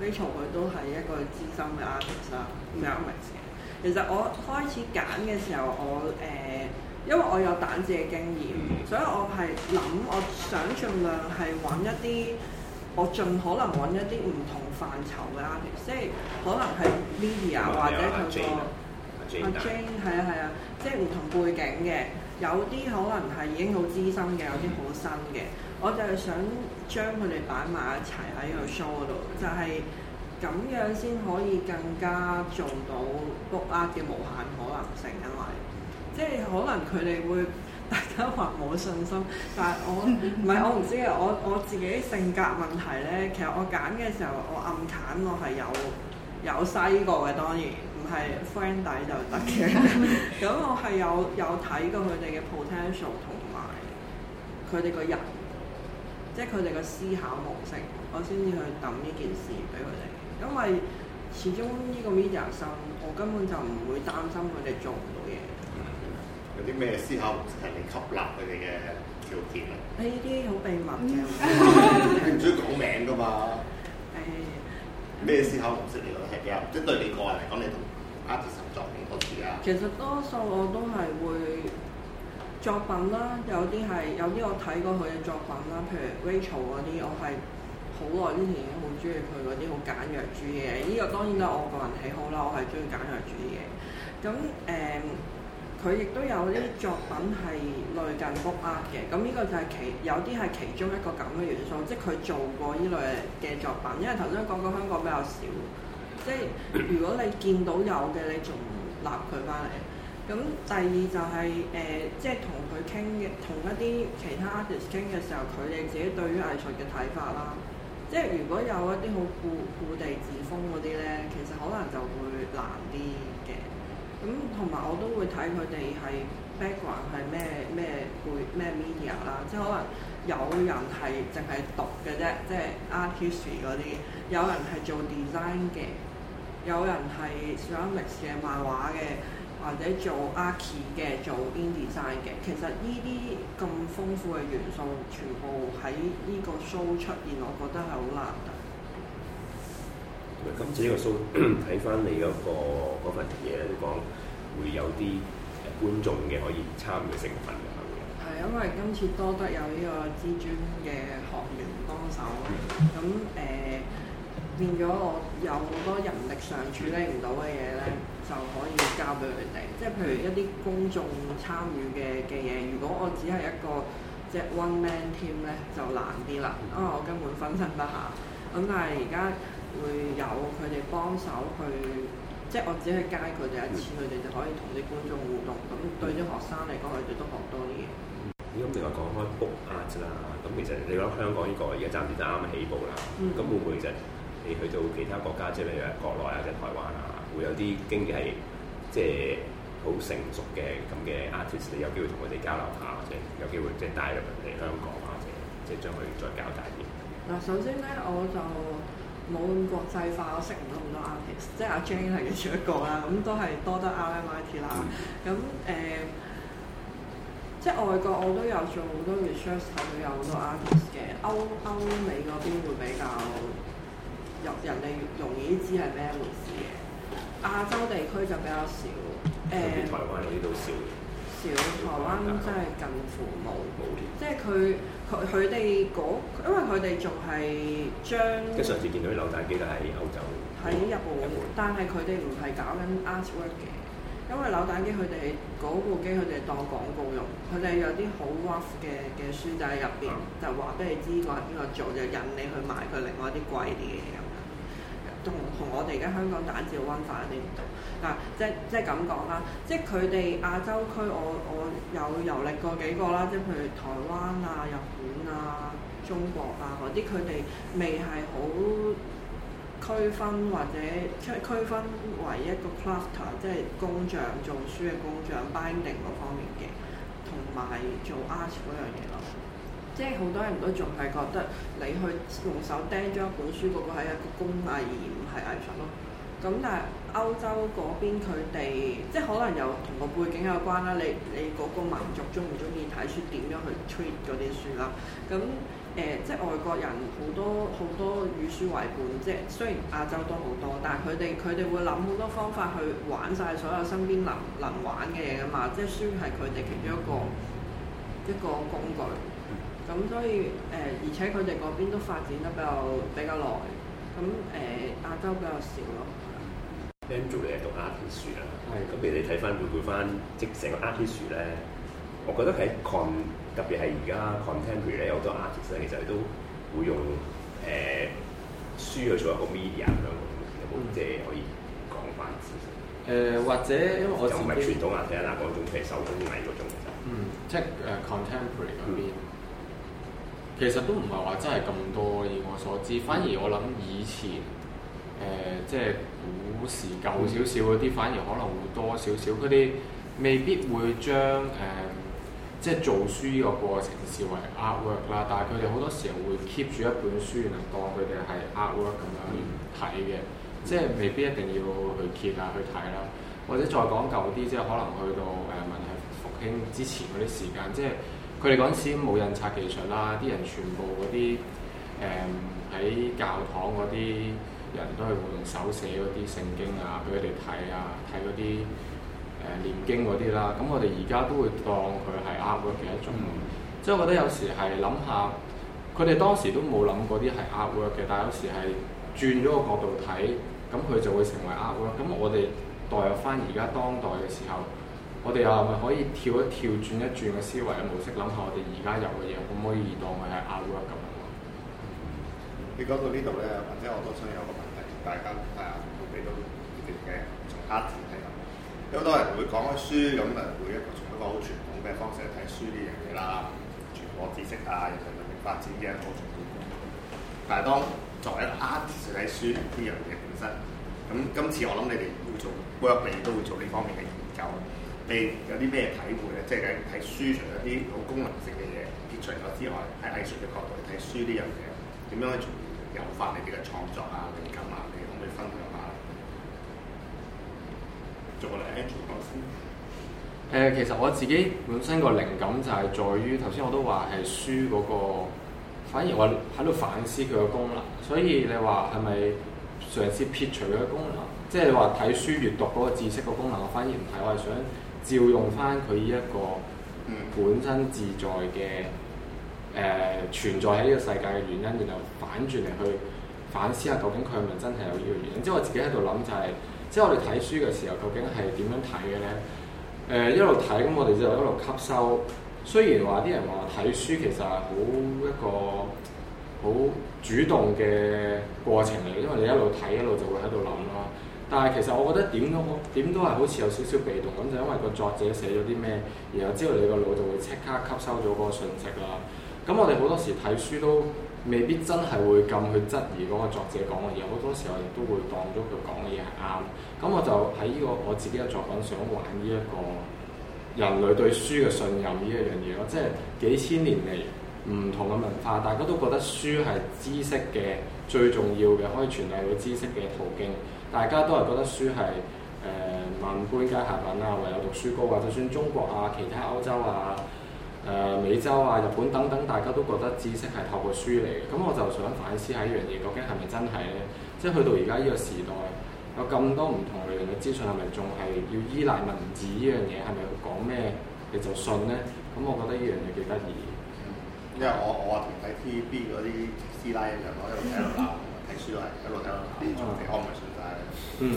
，Rachel 佢都係一個資深嘅 artist 啊，唔係 artist 其實我開始揀嘅時候，我誒、呃、因為我有蛋誌嘅經驗，嗯、所以我係諗我想盡量係揾一啲。我盡可能揾一啲唔同範疇嘅 artist 即係可能係 media 或者佢、嗰個阿 Jane 係啊係啊，Jane, 啊 Jane, 即係唔同背景嘅，有啲可能係已經好資深嘅，有啲好新嘅。我就係想將佢哋擺埋一齊喺個 show 度，就係、是、咁樣先可以更加做到 book art 嘅無限可能性，因為即係可能佢哋會。大家話冇信心，但係我唔係我唔知嘅，我我，我自己性格問題咧。其實我揀嘅時候，我暗淡我係有有篩過嘅，當然唔係 friend 底就得嘅。咁、 嗯、我係有有睇過佢哋嘅 potential 同埋佢哋個人，即係佢哋嘅思考模式，我先至去抌呢件事俾佢哋。因為始終呢個 media 生，我根本就唔會擔心佢哋做唔到嘢。有啲咩思考模式係嚟吸納佢哋嘅條件啊？誒呢啲好秘密嘅，你唔中意講
名噶嘛？誒咩思考模式嚟講係比較，即係對你個人嚟講，你同
artist
作品多啲啊？其實多數我都係會作品啦，有啲係有啲我睇過佢嘅作品啦，譬如 Rachel 嗰啲，我係好耐之前好中意佢嗰啲好簡約主義嘅。呢、這個當然都係我個人喜好啦，我係中意簡約主義嘅。咁誒。Um, 佢亦都有啲作品係類近 book art 嘅，咁呢個就係其有啲係其中一個咁嘅元素，即係佢做過呢類嘅作品，因為頭先講過香港比較少，即係如果你見到有嘅，你仲立佢翻嚟。咁第二就係、是、誒、呃，即係同佢傾嘅，同一啲其他 artist 傾嘅時候，佢哋自己對於藝術嘅睇法啦。即係如果有一啲好固固地自封嗰啲咧，其實可能就會難啲。咁同埋我都會睇佢哋係 background 係咩咩背咩 media 啦，即係可能有人係淨係讀嘅啫，即係 art history 嗰啲，有人係做 design 嘅，有人係 ceramics 嘅漫畫嘅，或者做 art 嘅做 indesign 嘅，其實呢啲咁豐富嘅元素全部喺呢個 show 出現，我覺得係好難得。
今次呢、 呢個 show 睇返你嗰個份嘢咧，都講會有啲觀眾嘅可以參與成分咁樣。
係因為今次多得有呢個資專嘅學員幫手，咁誒、呃、變咗我有好多人力上處理唔到嘅嘢咧，就可以交俾佢哋。即係譬如一啲公眾參與嘅嘅嘢，如果我只係一個即 one man team 咧，就難啲啦，因為我根本分身不暇。咁但係而家，會有佢哋幫手去，即係我只係街佢哋一次，佢哋、嗯、就可以同啲觀眾互動。咁、嗯、對啲學生嚟講，佢哋都學多啲嘢。
咁另外講開 book art 啦，咁其實你覺得香港呢、呢個而家暫時就啱啱起步啦。咁、嗯、會唔會其實你去到其他國家，即係例如係國內啊，或者台灣啊，會有啲經濟係即係好成熟嘅咁嘅 artist，你有機會同佢哋交流下，或者有機會即係帶入嚟香港啊，或者即係將佢再搞大啲。
嗱，首先咧，我就。冇咁國際化，我識唔到咁多 artist，即係阿 Jane 係其中一個啦。咁 都係多得 RMIT 啦。咁 誒、呃，即係外國我都有做好多 research，睇到有好多 artist 嘅。歐歐美嗰邊會比較人人哋容易知係咩回事嘅。亞洲地區就比較少。
少。
少。台灣真係近乎冇冇嘅，即係佢佢佢哋嗰，因為佢哋仲係將。即
上次見到啲扭蛋機都喺歐洲。
喺日本，日本。但係佢哋唔係搞緊 artwork 嘅，因為扭蛋機佢哋嗰部機佢哋當廣告用，佢哋有啲好 rough 嘅嘅書仔入邊面，嗯、就話俾你知我個係邊個做，就引你去買佢另外一啲貴啲嘅嘢。同同我哋而家香港打字溫化一啲唔同，嗱即係即係咁講啦，即佢哋亞洲區我，我我有遊歷過幾個啦，即譬如台灣啊、日本啊、中國啊嗰啲，佢哋未係好區分或者區區分為一個 cluster，即係工匠做書嘅工匠 binding 嗰方面嘅，同埋做 art 嗰樣嘢咯。即係好多人都仲係覺得你去用手釘咗一本書，嗰個係一個工藝而唔係藝術咯。咁但係歐洲嗰邊佢哋，即係可能有同個背景有關啦。你你嗰個民族鍾唔鍾意睇書，點樣去 treat 嗰啲書啦？咁誒，即係外國人好多好多與書為本，即係雖然亞洲都好多，但係佢哋佢哋會諗好多方法去玩晒所有身邊能能玩嘅嘢噶嘛。即係書係佢哋其中一個一個工具。咁、嗯、所以誒、呃，而且佢哋嗰邊都發展得比較比較耐，咁誒亞洲比
較少咯。a n g e l 你係讀藝術啊，咁譬如你睇翻回顧翻即係成個 Artist 術咧，我覺得喺 c o n 特別係而家 contemporary 咧，好多 artist 咧其實都會用誒、呃、書去做一個 media 咁樣嘅，嗯、有冇即係可以講翻先？誒、呃、或者因為我就唔係傳統藝術啊，嗰種譬如手工藝嗰種，嗯，即係
誒 contemporary 嗰其實都唔係話真係咁多，以我所知，反而我諗以前誒、呃、即係古時舊少少嗰啲，嗯、反而可能會多少少。佢哋未必會將誒、呃、即係做書呢個過程視為 artwork 啦，但係佢哋好多時候會 keep 住一本書，然後當佢哋係 artwork 咁樣去睇嘅，嗯、即係未必一定要去揭啊去睇啦、啊。或者再講舊啲即係，可能去到誒、呃、文藝復興之前嗰啲時間，即係。佢哋嗰陣時冇印刷技術啦，啲人全部嗰啲誒喺教堂嗰啲人都係用手寫嗰啲聖經啊，俾佢哋睇啊，睇嗰啲誒念經嗰啲啦。咁、嗯、我哋而家都會當佢係 artwork 嘅一種，即係、嗯、我覺得有時係諗下，佢哋當時都冇諗嗰啲係 artwork 嘅，但係有時係轉咗個角度睇，咁佢就會成為 artwork。咁我哋代入翻而家當代嘅時候。我哋又係咪可以跳一跳、轉一轉嘅思維嘅模式，諗下我哋而家有嘅嘢，可唔可以當佢係 Art 咁，
你講到呢度咧，或者我都想有個問題大家啊，會俾到啲嘅從 Art 睇咁。有好多人會講開書咁啊，會一個從一個好傳統嘅方式去睇書呢樣嘢啦，傳播知識啊，人類發展嘅一個重點。但係當作為一個 Art 睇書呢樣嘢本身，咁今次我諗你哋會做 work，你都會做呢方面嘅研究。你、hey, 有啲咩體會咧？即係睇書，除咗啲好功能性嘅嘢撇除咗之外，喺藝術嘅角度嚟睇書呢樣嘢，點樣可以促發你哋嘅創作啊、靈感啊？你可唔可以分享下做個例，Andrew 講
先。
誒、呃，其實我自己本身個靈感就係在於頭先我都話係書嗰、那個，反而我喺度反思佢嘅功能，所以你話係咪嘗試撇除佢嘅功能？即係你話睇書、閲讀嗰個知識嘅功能，我反而唔睇，我係想。照用翻佢呢一個本身自在嘅誒、呃、存在喺呢個世界嘅原因，然後反轉嚟去反思下究竟佢係咪真係有呢個原因？即係我自己喺度諗就係、是，即係我哋睇書嘅時候，究竟係點樣睇嘅咧？誒、呃、一路睇咁，我哋就一路吸收。雖然話啲人話睇書其實係好一個好主動嘅過程嚟，因為你一路睇一路就會喺度諗啦。但係其實我覺得點都好，點都係好似有少少被動咁，就因為個作者寫咗啲咩，然後之後你個腦就會即刻吸收咗嗰個信息啦。咁我哋好多時睇書都未必真係會咁去質疑嗰個作者講嘅嘢，好多時候亦都會當咗佢講嘅嘢係啱。咁我就喺呢個我自己嘅作品想玩呢一個人類對書嘅信任呢一樣嘢咯，即係幾千年嚟唔同嘅文化，大家都覺得書係知識嘅最重要嘅，可以傳遞到知識嘅途徑。大家都係覺得書係誒萬般皆下品啊，唯有讀書高啊。就算中國啊、其他歐洲啊、誒、呃、美洲啊、日本等等，大家都覺得知識係透過書嚟嘅。咁、嗯、我就想反思一下一樣嘢，究竟係咪真係咧？即係去到而家呢個時代，有咁多唔同類型嘅資訊，係咪仲係要依賴文字呢樣嘢？係咪講咩你就信咧？咁、嗯、我覺得依樣嘢幾得意。因
為我我同喺 TVB 嗰啲師奶一樣，我 line, 一路聽睇書都一路聽一路鬧，從 嗯，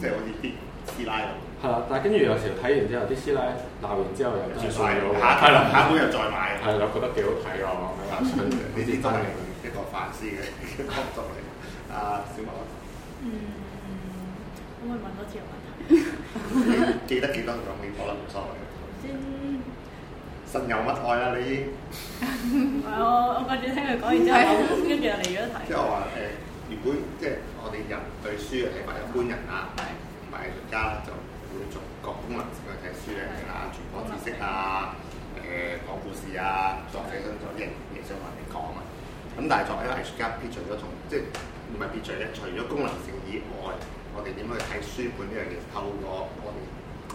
即係
好似啲師奶。係 啦，但係跟住有時睇完之後，啲師奶鬧完之後又轉賣咗。係啦，下本又再賣。係、嗯，我覺得幾好睇喎。咁呢啲都係一個反思嘅角度嚟。阿、啊、小麥，嗯，我咪問多
次我問，樣問題。記得幾多講？你講得唔所謂。先，神有乜愛啊
你？ 哎、我
我掛住聽佢講、 哎哎，完之後跟住又離咗
題。即係話誒，原本
即係。我哋人對書嘅睇法，一般人啊，唔係藝術家啦，就會做各功能性去睇書嘅，啊，傳播知識啊，誒講故事啊，作者想做啲嘢想同人哋講啊。咁但係作為一個藝術家，撇除咗從即係唔係撇除咧？除咗功能性以外，我哋點樣去睇書本呢樣嘢？透過我哋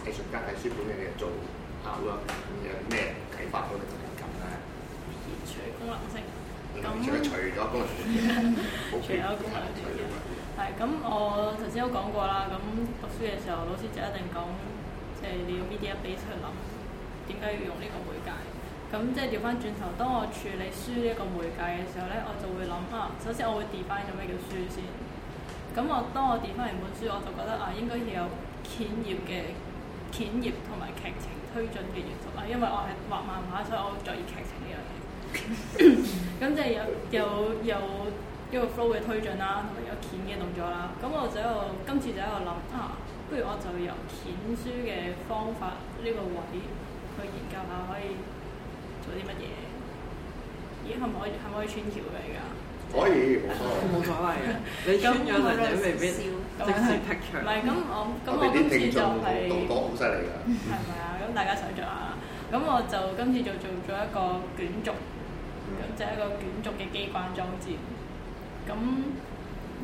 藝術家睇書本嘅嘢做客觀咁嘅咩啟發嗰個情感啊？除功能性，咁除咗功能性，除咗功能
性。咁我頭先都講過啦，咁讀書嘅時候老師就一定講，即係你用 media 俾出去諗，點解要用呢個媒介？咁即係調翻轉頭，當我處理書呢個媒介嘅時候咧，我就會諗啊，首先我會 define 咗咩叫書先。咁我當我 define 完本書，我就覺得啊，應該要有鉛頁嘅鉛頁同埋劇情推進嘅元素啦，啊，因為我係畫漫畫，所以我著意劇情呢樣嘢。咁即係有有有。有有有一個 flow 嘅推進啦，同埋有鉛嘅動作啦。咁我就喺度，今次就喺度諗啊，不如我就由鉛書嘅方法呢、這個位去研究下，可以做啲乜嘢？咦，可唔可以可唔可以穿橋嘅而家？
可以，冇所謂、 嗯。冇所謂，係。咁可能少咁
係。唔係，咁我咁我,我,我今次就係、是。我動作好犀利㗎。係咪啊？咁大家想像下啊！咁我就今次就做咗一個卷軸,軸，咁就係一個卷軸嘅機關裝置。 咁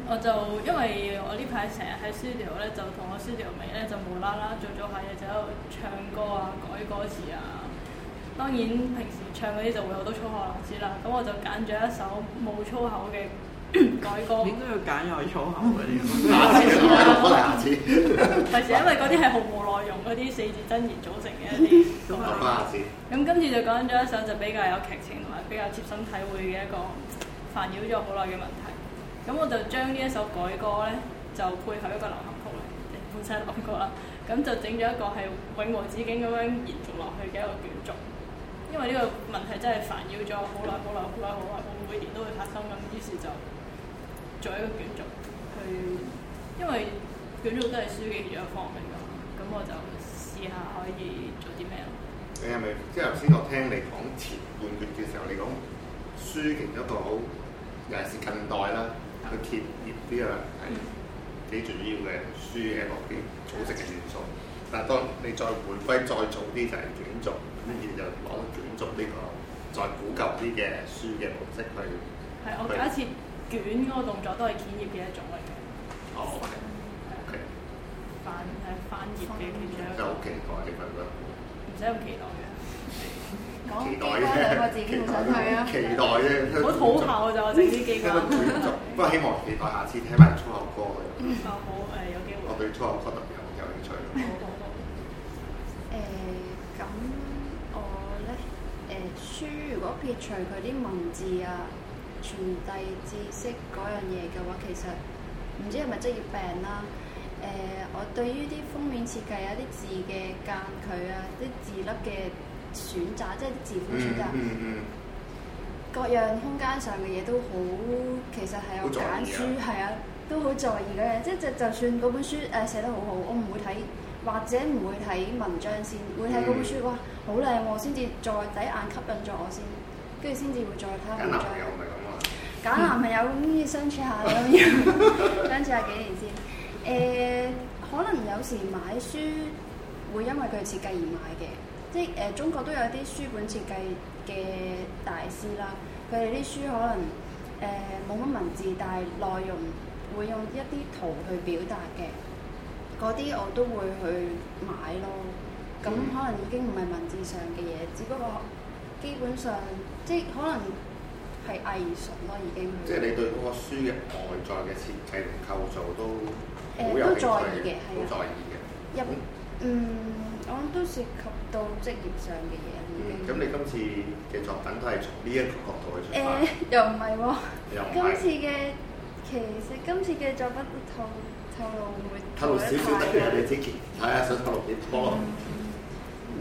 我就因為我呢排成日喺 studio 咧，就同我 studio 尾咧就無啦啦做咗下嘢，就喺度唱歌啊、改歌詞啊。當然平時唱嗰啲就會有好多粗口字啦、啊。咁我就揀咗一首冇粗口嘅
改歌。點都要揀有粗口嗰啲，揀 粗口好大下次。
費事 因為嗰啲係毫無內容嗰啲四字真言組成嘅一啲，咁大下字。咁跟住就講咗一首就比較有劇情同埋比較切身體會嘅一個煩擾咗好耐嘅問題，咁我就將呢一首改歌咧，就配合一個流行曲嚟、欸，本身都講過啦，咁就整咗一個係永無止境咁樣延續落去嘅一個卷軸，因為呢個問題真係煩擾咗好耐、好耐、好耐、好耐，我每年都會發生咁，於是就做一個卷軸去，因為卷軸都係書籍嘅一方面啊，咁我就試下可以做啲咩咯。你係咪即係頭先我聽你講前半段嘅時候，
你講書籍一個好？尤其是近代啦，佢鉸葉呢樣係幾主要嘅書嘅某啲組織嘅元素。但係當你再回歸再早啲，的就係卷軸、這個，跟住就攞卷軸呢個再古舊啲嘅書嘅模式去。係，我假設捲嗰個動作都係鉸葉嘅一種嚟嘅。哦 OK 反翻誒翻頁嘅，
其實係好期待，啲文章。唔使咁期待。嘅。期待啊，期待啫，好土喉就我知呢幾句。不
過希望期待下次聽埋粗口歌。我對粗口歌特別有興趣。
誒，咁我咧誒，書，如果撇除佢啲文字啊，傳遞知識嗰樣嘢嘅話，其實唔知係咪職業病啦。誒，我對於啲封面設計有啲字嘅間距啊、啲字粒嘅。選擇即係自主選擇，選擇嗯嗯嗯、各樣空間上嘅嘢都好，其實係有揀書，係啊，都好在意嘅。即係就就算嗰本書誒寫得好好，我唔會睇，或者唔會睇文章先，會睇嗰本書、嗯、哇，好靚喎，先至再第一眼吸引咗我先，跟住先至會再睇文章。揀男朋友咪咁咯，相處、嗯、下咁咯，相處 下幾年先。誒、呃，可能有時買書會因為佢設計而買嘅。即係、呃、中國都有啲書本設計嘅大師啦。佢哋啲書可能誒冇乜文字，但係內容會用一啲圖去表達嘅嗰啲，我都會去買咯。咁可能已經唔係文字上嘅嘢，只不過基本上即係可能係藝術咯，已經。即係你
對嗰個書嘅外在嘅設計同構造都，呃、都在意嘅，係好在意嘅，
入，嗯，我都涉及。到職業上嘅嘢嚟嘅。咁你今
次嘅作品，都係從呢一個角度去出發。
誒，又唔係喎。又唔係。今次嘅其實，今次嘅作品透透露會。透露少少特
別啊，你知嘅。睇下，想透露幾多？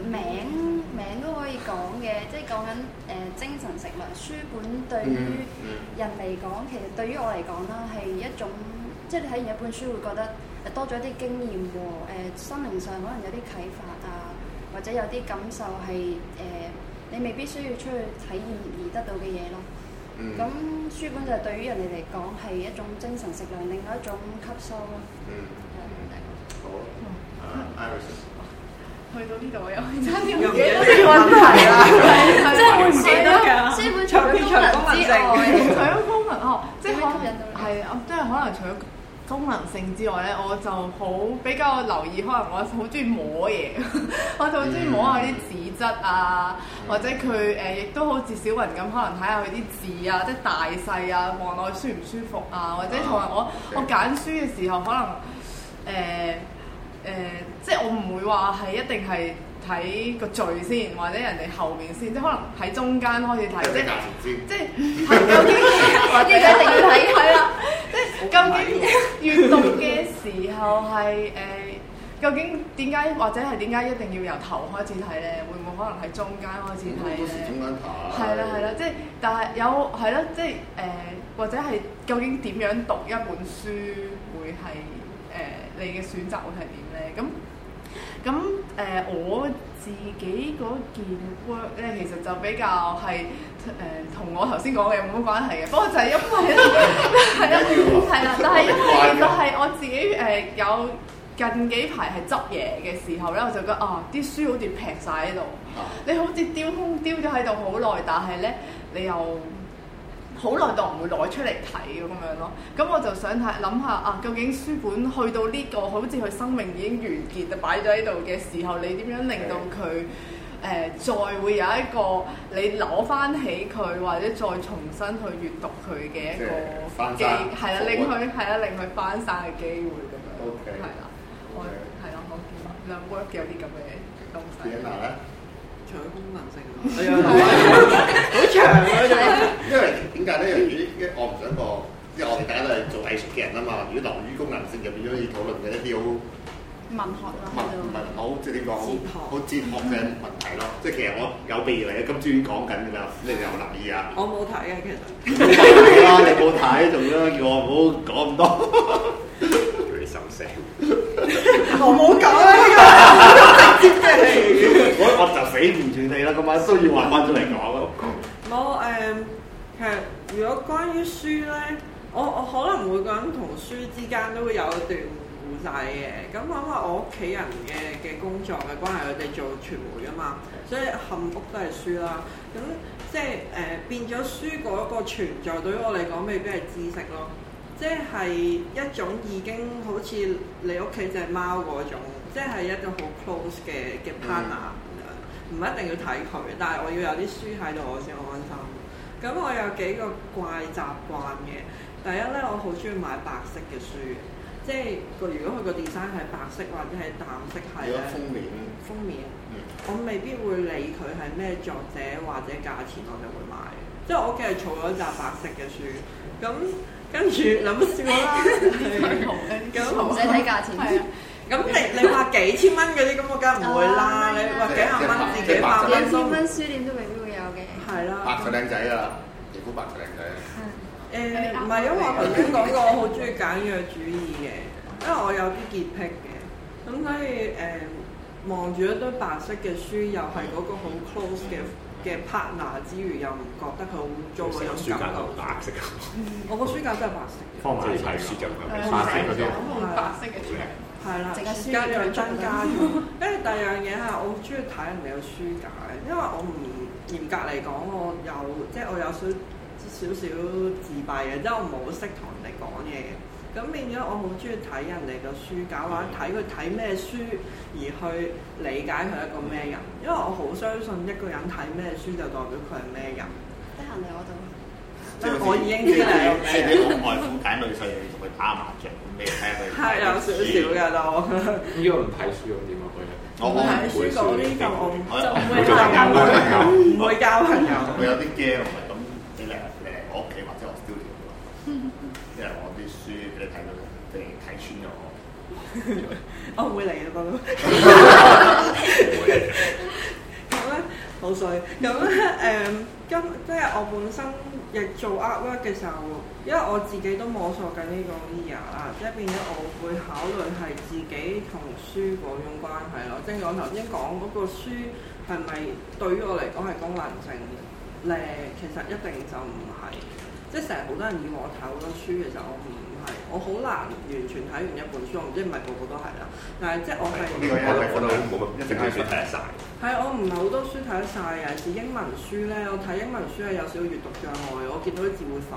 名
名都可以講嘅，即係講緊誒精神食物。書本對於人嚟講，其實對於我嚟講啦，係一種，即係你睇完一本書會覺得多咗一啲經驗和誒，心靈上可能有啲啟發啊。或者有啲感受係誒，你未必需要出去體驗而得到嘅嘢咯。咁書本就對於人哋嚟講係一種精神食糧，另外一種吸收咯。嗯。好。
啊，Iris。去到呢度我又又唔記得問題啦，真係會唔記得。書本有邊種功能性？有邊種功能？哦，即係可能係啊，都係可能除咗，功能性之外咧，我就好比較留意，可能我好中意摸嘢， 我就 Yeah. 好中意摸下啲紙質啊，或者佢誒亦都好似小雲咁，可能睇下佢啲字啊，即係大細啊，望落去舒唔舒服啊，或者同埋我、oh, okay. 我揀書嘅時候，可能誒誒、呃呃，即係我唔會話係一定係睇個序先，或者人哋後面先，即係可能喺中間開始睇，即係即係，或者一定要睇，係啦 了。 究竟閱讀嘅時候係誒、 呃、究竟點解或者係點解一定要由頭開始睇咧？會唔會可能係中間開始睇咧？好多時中間睇係啦係啦，即係，但係有係啦，即係誒、呃，或者係究竟點樣讀一本書會係誒、呃，你嘅選擇會係點咧？咁、嗯。咁誒、呃、我自己嗰件 work 咧，其實就比較係誒同我頭先講嘅冇乜關係嘅。 不過就係因為係 啊，係 啊，但係因為就係我自己誒有、呃、近幾排係執嘢嘅時候咧，我就覺得啊啲書好似撇晒喺度，oh. 你好似丟空丟咗喺度好耐，但係咧你又～好耐都唔會攞出嚟睇咁樣咯，咁我就想睇諗下啊，究竟書本去到呢、呢個好似佢生命已經完結啊，擺咗喺度嘅時候，你點樣令到佢誒 Okay.、呃、再會有一個你攞翻起佢或者再重新去閱讀佢嘅一個機，係啦、啊，令佢係啦，令佢翻晒嘅機會咁、啊、Okay. 樣，係啦，我係啦，我見兩 book 有啲咁嘅東西。寫哪咧？除咗功能性啊！ 好
長啊！因為點解咧？因為我唔想講，因為我哋大家都係做藝術嘅人啊嘛。如果流於功能性，就變咗要討論嘅一啲好
文學啦，文文
好即係點講好？好哲學嘅問題咯。即係其實我有備而嚟嘅金珠已經講緊㗎啦。你有留意
啊？我冇睇啊，其實你冇睇，
仲要叫我唔好講咁多，叫你收聲。
我冇講啊！直接咩嚟？
我我就死唔住你啦。今晚雖然話翻出嚟講。
我誒，oh, um, 其實如果關於書咧，我我可能每個人同書之間都會有一段故事嘅。咁因為我屋企人嘅嘅工作嘅關係，佢哋做傳媒啊嘛，所以冚屋都係書啦。咁即係誒、呃、變咗書嗰個存在對於我嚟講未必係知識咯，即係一種已經好似你屋企隻貓嗰種，即係一種好 close 嘅嘅 partner。唔一定要睇佢，但係我要有啲書喺度我先安心。咁我有幾個怪習慣嘅，第一咧我好中意買白色嘅書，即係個如果佢個 design 係白色或者係淡色系咧，封面封面，mm hmm. 我未必會理佢係咩作者或者價錢，我就會買。Yeah. 即係我屋企係儲咗一紮白色嘅書，咁跟住諗笑啦，啲題圖咁，你睇價錢先。咁你你話幾千蚊嗰啲咁，我梗係唔會啦。你話幾廿蚊至幾百蚊，幾千蚊
書店都未必會有嘅。係啦，白色靚仔啊，你
估白嘅
靚仔。誒唔係，因為頭先
講過我好中意簡約主義嘅，因為我有啲潔癖嘅，咁所以誒望住一堆白色嘅書，又係嗰個好 close 嘅嘅 partner 之餘，又唔覺得佢好髒嗰種書架都白色
嘅，
我個書架都係白色。嘅。
放埋啲書入去。白色嗰啲。
咩？係啦，時間又增加咗。跟住第二樣嘢係，我好中意睇人哋嘅書架，因為我唔嚴格嚟講，我有即係、就是、我有少少少自閉嘅，即係我唔係好識同人哋講嘢。嘅。咁變咗我好中意睇人哋嘅書架，或者睇佢睇咩書而去理解佢係一個咩人，因為我好相信一個人睇咩書就代表佢係咩人。得閒你我就，我已經知你，我
外父揀女婿，同佢打麻雀。
係有少少嘅多我。咁你又唔睇書咁點啊？我我睇書講呢個就唔會交朋友，唔 會交朋友。我有啲驚，唔
係咁你嚟嚟我屋企或者我 studio 咯、啊，即係我啲書俾你睇到，
俾睇穿咗。我。唔會嚟啊， 不過。好衰咁誒，今、嗯 嗯、即係我本身亦做 artwork 嘅時候，因為我自己都摸索緊呢個 media，即變咗我會考慮係自己同書嗰種關係咯。正如我頭先講嗰個書係咪對於我嚟講係功能性咧，其實一定就唔係，即係成日好多人以我睇好多書嘅時候，我唔。我好難完全睇完一本書，我唔知唔係個個都係啦。但係即係我係呢我都我都冇乜一啲書睇得晒。係我唔係好多書睇得晒，尤其係英文書咧，我睇英文書係有少少閱讀障礙，我見到啲字會浮。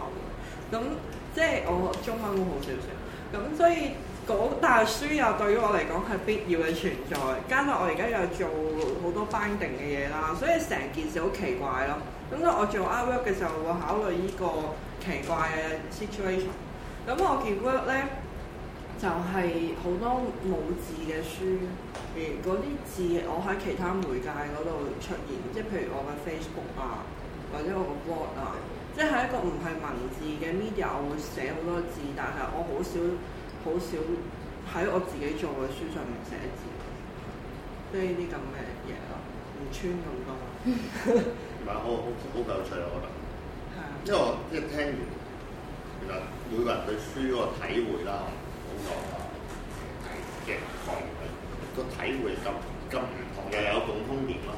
咁即係我中文會好少少。咁所以嗰大書又對於我嚟講係必要嘅存在。加上我而家又做好多 binding 嘅嘢啦，所以成件事好奇怪咯。咁咧，我做 outwork 嘅時候會考慮呢個奇怪嘅 situation。咁我見 book 咧，就係、是、好多冇字嘅書，譬如嗰啲字我喺其他媒介嗰度出現，即係譬如我嘅 Facebook 啊，或者我嘅 Word 啊，即係一個唔係文字嘅 media，我會寫好多字，但係我好少、好少喺我自己做嘅書上面寫字，即係啲咁嘅嘢咯，唔穿咁多。唔係 好好
好有趣啊！我覺得，因為我即係聽完，每個人對書個體會啦，好耐嘅概念，個體會咁咁唔同，又有共通點啊！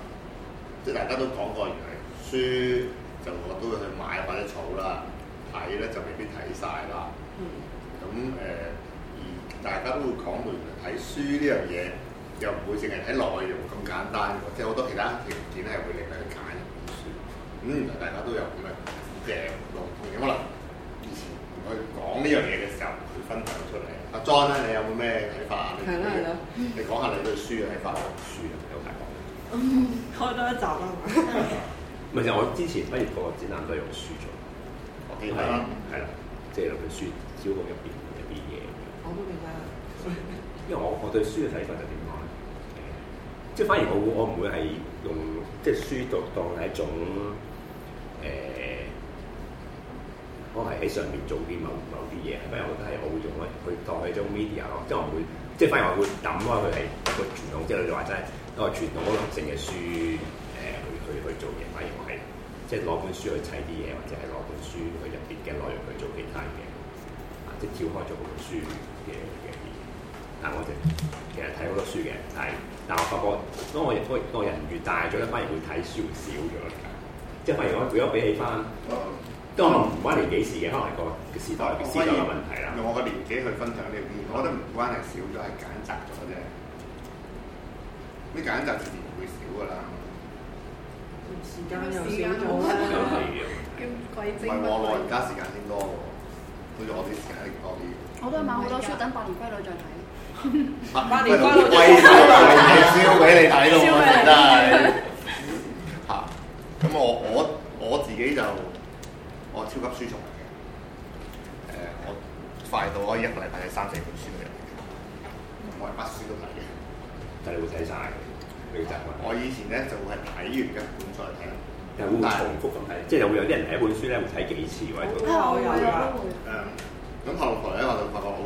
即係大家都講過，原來書就我都會去買或者儲啦，睇咧就未必睇晒啦。咁、嗯呃、而大家都會講到原來睇書呢樣嘢，又唔會淨係睇內容咁簡單，即係好多其他條件咧，係會令到佢去揀本書。嗯，大家都有咁嘅共通點啦。嗯佢講呢樣嘢嘅時候，佢分享出嚟。阿 John 咧的，你有冇咩睇法？係咯係咯，你講下你對書嘅睇法，讀書有冇睇法？嗯，
開多一集啦。
唔係就我之前畢業嗰個展覽都
係用書做，都係係啦，即係諗住書小學入邊一啲嘢。我
都記
得。 因為我我對書嘅睇法就點講咧？即係反而我我唔會係用即係書讀當係一種誒。呃我係喺上面做啲某某啲嘢，反而我都係我會用我去當佢一種 media 咯，即係我會，即係反而我會抌開佢係一個傳統，即係你話齋，都係傳統可能性嘅書誒去去去做嘢。反而我係即係攞本書去砌啲嘢，或者係攞本書去入邊嘅內容去做其他嘢、啊，即係跳開咗本書嘅嘅嘢。但我哋、就係、其實睇好多書嘅，但係但我發覺當我,我當我人越大咗咧，反而會睇書會少咗。即、就、係、係、反而我如果比起翻。嗯
都唔關你幾時嘅，可能個時代時代嘅問題啦。我用我嘅年紀去分享呢邊，我覺得唔關係少咗，係揀擇咗啫。啲揀擇自然唔會少噶啦。時間又少咗，咁
貴
精唔我而家時間先多喎，
對住我啲時間多啲。
我都買好多書，等在八年歸類再睇。 八年歸類貴， 八年 書俾你睇咯，嗯、真係。
嚇、啊！咁我我我自己就～我超級書蟲嚟嘅，我快到我一個禮拜睇三四本書嘅，我係乜書都睇嘅。 但係你會睇晒嘅，你習慣。我以前咧就係睇完會會一本再睇，但係會重複咁睇，即係會有啲人睇一本書咧會睇幾次或者咁。誒、 嗯，咁後來咧我就發覺好，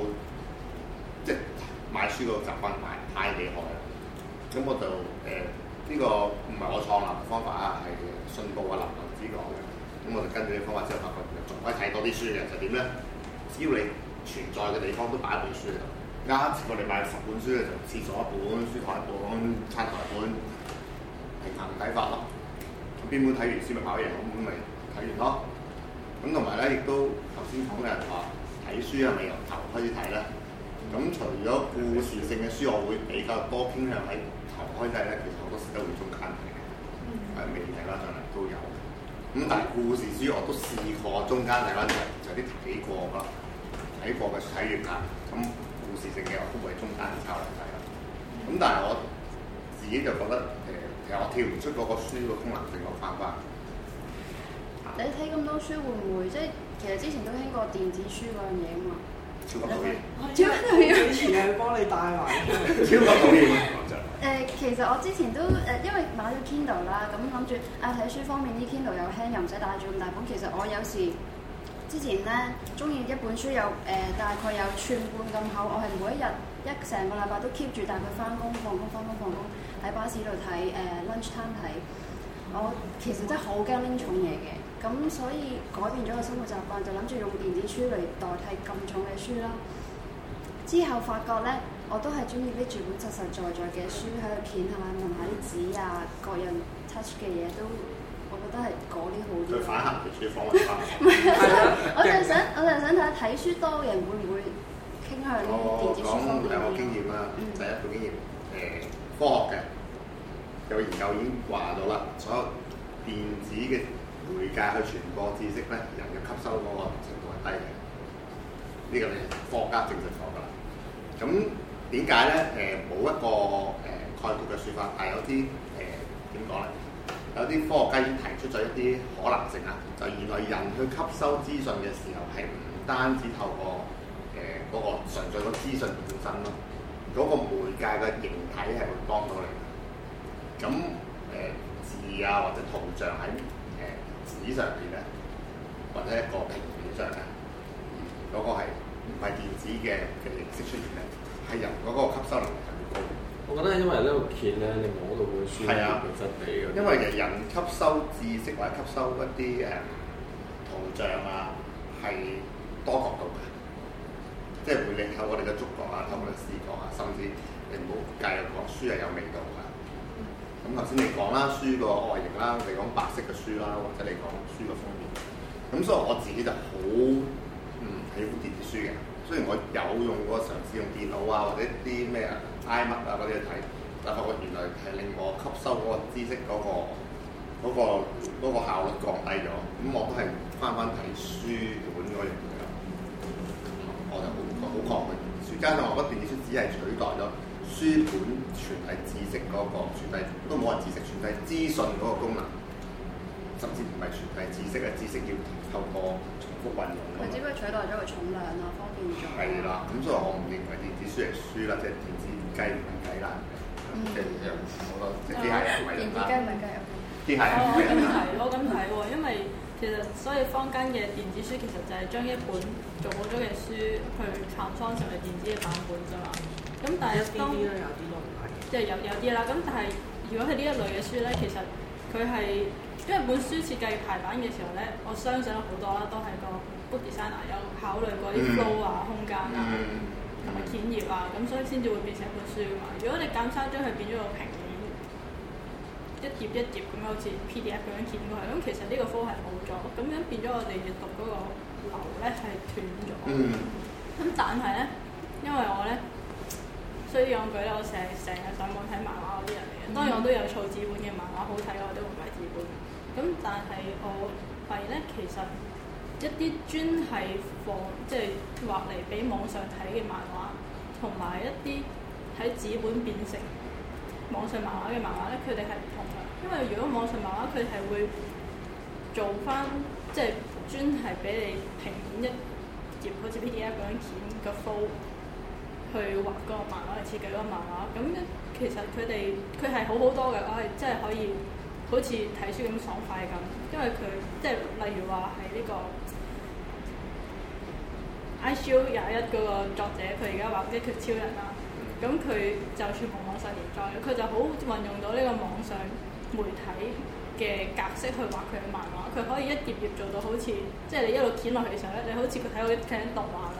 即、就、係、是、買書個習慣買太厲害，咁我就誒呢、呃這個唔係我創立嘅方法啊，係信報啊，林文之講。咁我就跟住啲方法之後發覺，仲可以睇多啲書嘅就點咧？只要你存在嘅地方都擺一本書，啱我哋買十本書，咧，就廁所一本，書台一本，餐台一本，係層睇法咯。咁邊本睇完書咪跑贏，樣，咁咪睇完咯。咁同埋咧，亦都頭先講嘅話睇書係咪由頭開始睇咧？咁除咗故事性嘅書，我會比較多傾向喺頭開始咧。其實好多時都會中間睇嘅，誒尾睇啦，上嚟都有。咁但係故事書我都試過，中間大家睇，就啲、是、睇過個睇過嘅睇完啦。咁故事性嘅我唔會中間抽嚟睇啦。咁但係我自己就覺得誒，其實我跳唔出嗰個書個功能性我範圍。你
睇咁多書會唔會即係其實之前都聽過電子書嗰樣嘢啊嘛？超級討厭！以前係佢
幫你帶埋，
超級討厭啊！誒，其實我之前都誒，因為買咗 Kindle 啦，咁諗住啊，睇書方面呢 Kindle 又輕，又唔使帶住咁大本。其實我有時之前咧，鍾意一本書有誒、呃，大概有寸半咁厚，我係每一日一成個禮拜都 keep 住帶佢返工、放工、返工、放工，喺巴士度睇，誒 lunch time 睇。我其實真係好驚拎重嘢嘅。咁所以改變咗個生活習慣，就諗住用電子書嚟代替咁重嘅書啦。之後發覺咧，我都係中意拎住本實實在在嘅書喺度片，係嘛，聞下啲紙啊，各樣 touch 嘅嘢都，我覺得係嗰啲好。對反向讀書方法。唔係我就係想，我就係想睇下睇書多嘅人會唔會傾向電子書方面啲嘢。我講個經
驗啦，第一個經驗，誒、就是，嗯嗯、科學嘅有研究已經話咗啦，所有電子嘅。媒介去傳播知識咧，人嘅吸收嗰個程度係低嘅。呢、這個係科學家證實咗噶啦。咁點解咧？誒，冇、呃、一個誒、呃、概括嘅說法，但有啲誒點講咧，有啲科學家已經提出咗一啲可能性啊。就原來人去吸收資訊嘅時候係唔單止透過誒嗰、呃那個純粹嘅資訊本身咯，嗰、那個媒介嘅形體係會幫到你嘅，咁、呃、誒字啊，或者圖像喺～紙上邊咧，或者一個平面上咧，嗰個係唔係電子嘅嘅形式出現咧？係人嗰個吸收能力更高。我覺得因為個鍵
呢個鉛咧，你摸到本書嘅質地嘅。啊、因為人人
吸收知識或者吸收一啲誒圖像啊，係多角度嘅，即係會利用我哋嘅觸覺啊、視覺啊，甚至你唔好計講書係有味道咁頭先你講啦，書個外形啦，你講白色嘅書啦，或者你講書嘅封面，咁所以我自己就好，唔喜歡電子書嘅。雖然我有用過嘗試用電腦啊，或者啲咩啊，iMac 啊嗰啲去睇，但係我原來係令我吸收嗰個知識嗰個，嗰個嗰個效率降低咗。咁我都係翻翻睇書本嗰樣嘢，我就好好抗拒電子書，加上我覺得電子書只係取代咗。書本傳遞知識嗰個傳遞都冇人知識傳遞資訊嗰個功能，甚至唔係傳遞知識嘅，知識要透過重複運用。佢
只不過取代咗個重量啊，方便咗。係啦，咁所以我唔認為電子
書係書啦，即係電子雞唔係雞啦。雞雞雞嗯。即係好多，即係啲係啊，電子雞唔係雞啊。啲係啊，唔
係啊。咁係，睇喎，因為其實所以坊間嘅電子書其實就係將一本做好咗嘅書去拆方成為電子嘅版本啫嘛。咁但係，有啲，即係有有啲啦。咁但係，如果係呢一類嘅書咧，其實佢係因為本書設計排版嘅時候咧，我相信好多啦，都係個 book designer 有考慮過啲 flow 啊、空間啊同埋鉛頁啊，咁所以先至會變成一本書。如果你減三張，係變咗個平面，一頁一頁咁樣好似 PDF 咁樣剪過去，咁其實呢個 flow 係冇咗，咁樣變咗我哋閱讀嗰個流咧係斷咗。咁、嗯、但係咧，因為我咧。所以我舉例咧，我成成日上網睇漫畫嗰啲人嚟嘅。當然我都有儲紙本嘅漫畫好睇，我都會買紙本。咁但係我發現咧，其實一啲專係放，即係畫嚟俾網上睇嘅漫畫，同埋一啲喺紙本變成網上漫畫嘅漫畫咧，佢哋係唔同嘅。因為如果網上漫畫佢係會做翻即係專係俾你平面一頁，好似 PDF 咁樣剪個幅。去畫個漫畫去設計個漫畫，咁其實佢哋佢係好好多嘅，我唉，真係可以好似睇書咁爽快咁，因為佢即係例如話係呢個 I Show 廿一嗰個作者，佢而家畫一拳超人啦，咁佢就全部網上連載，佢就好運用到呢個網上媒體嘅格式去畫佢嘅漫畫，佢可以一頁頁做到好似即係你一路攣落去嘅時候咧，你好似佢睇到我聽動畫。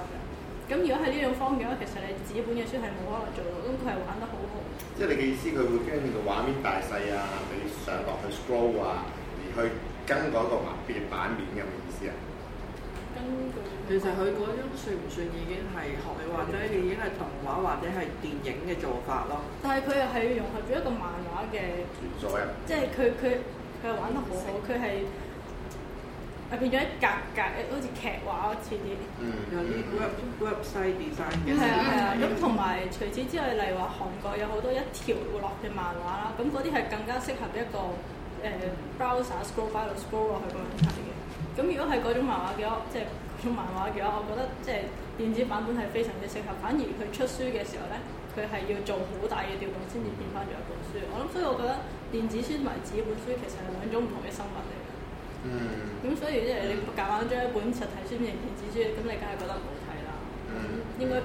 咁如果係呢種方嘅話，其實你紙本嘅書係冇可能做到，咁佢係玩得好好。
即係你嘅意思，佢會跟你個畫面大細啊，你上落去 scroll 啊，而去跟嗰個畫版面咁
嘅意思啊。根、
嗰個
其實佢嗰種算唔算已經係學你話齋，已經係動畫或者係電影嘅做法咯？
但係佢又係融合咗一個漫畫嘅。唔左呀。即係佢佢佢玩得好好，佢係色。誒變咗一格格，好似劇畫似啲。嗯。
有啲 web site design 的。係啊係啊，咁
同埋除此之外，例如話韓國有好多一條落嘅漫畫啦，咁嗰啲係更加適合一個誒、呃、browser scroll f i l e scroll 落去嗰樣嘢嘅。咁如果係嗰種漫畫嘅話，即係嗰種漫畫嘅話，我覺得即係電子版本係非常之適合，反而佢出書嘅時候咧，佢係要做好大嘅調動先至變翻做一本書。我諗所以，我覺得電子書同埋紙本書其實係兩種唔同嘅生物嚟。嗯，咁、嗯、所以即係你夾硬將一本實體書變
成電子書，咁你梗係覺得唔好睇啦。嗯，應該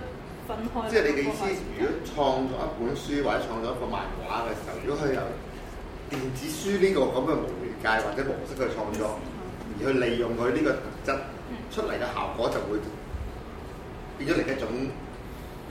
分開。即係你嘅意思，如果創作一本書或者創作一個漫畫嘅時候，如果佢有電子書呢個咁嘅媒介或者模式去創作，嗯、而去利用佢呢個特質，出嚟嘅效果就會變咗另一種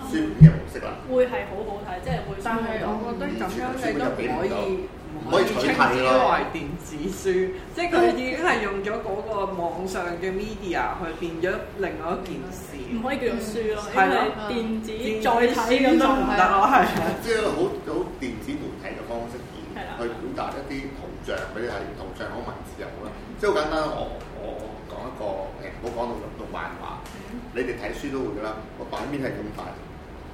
書嘅模式啦、嗯。
會係好好睇，即係會。但係我覺得咁樣你都可以，
唔可以稱之為電子書，的即係佢已經係用咗嗰個網上嘅 media 去變咗另外一件事。唔可以叫做書咯，因為電子再睇咁都唔得咯。係，即係好好電子媒
體嘅方式的去表達一啲圖像，比如係圖像好，文字又好啦。即係好簡單，我我我講一個誒，唔好講到咁多漫畫， 你哋睇書都會㗎啦。個版面係咁大。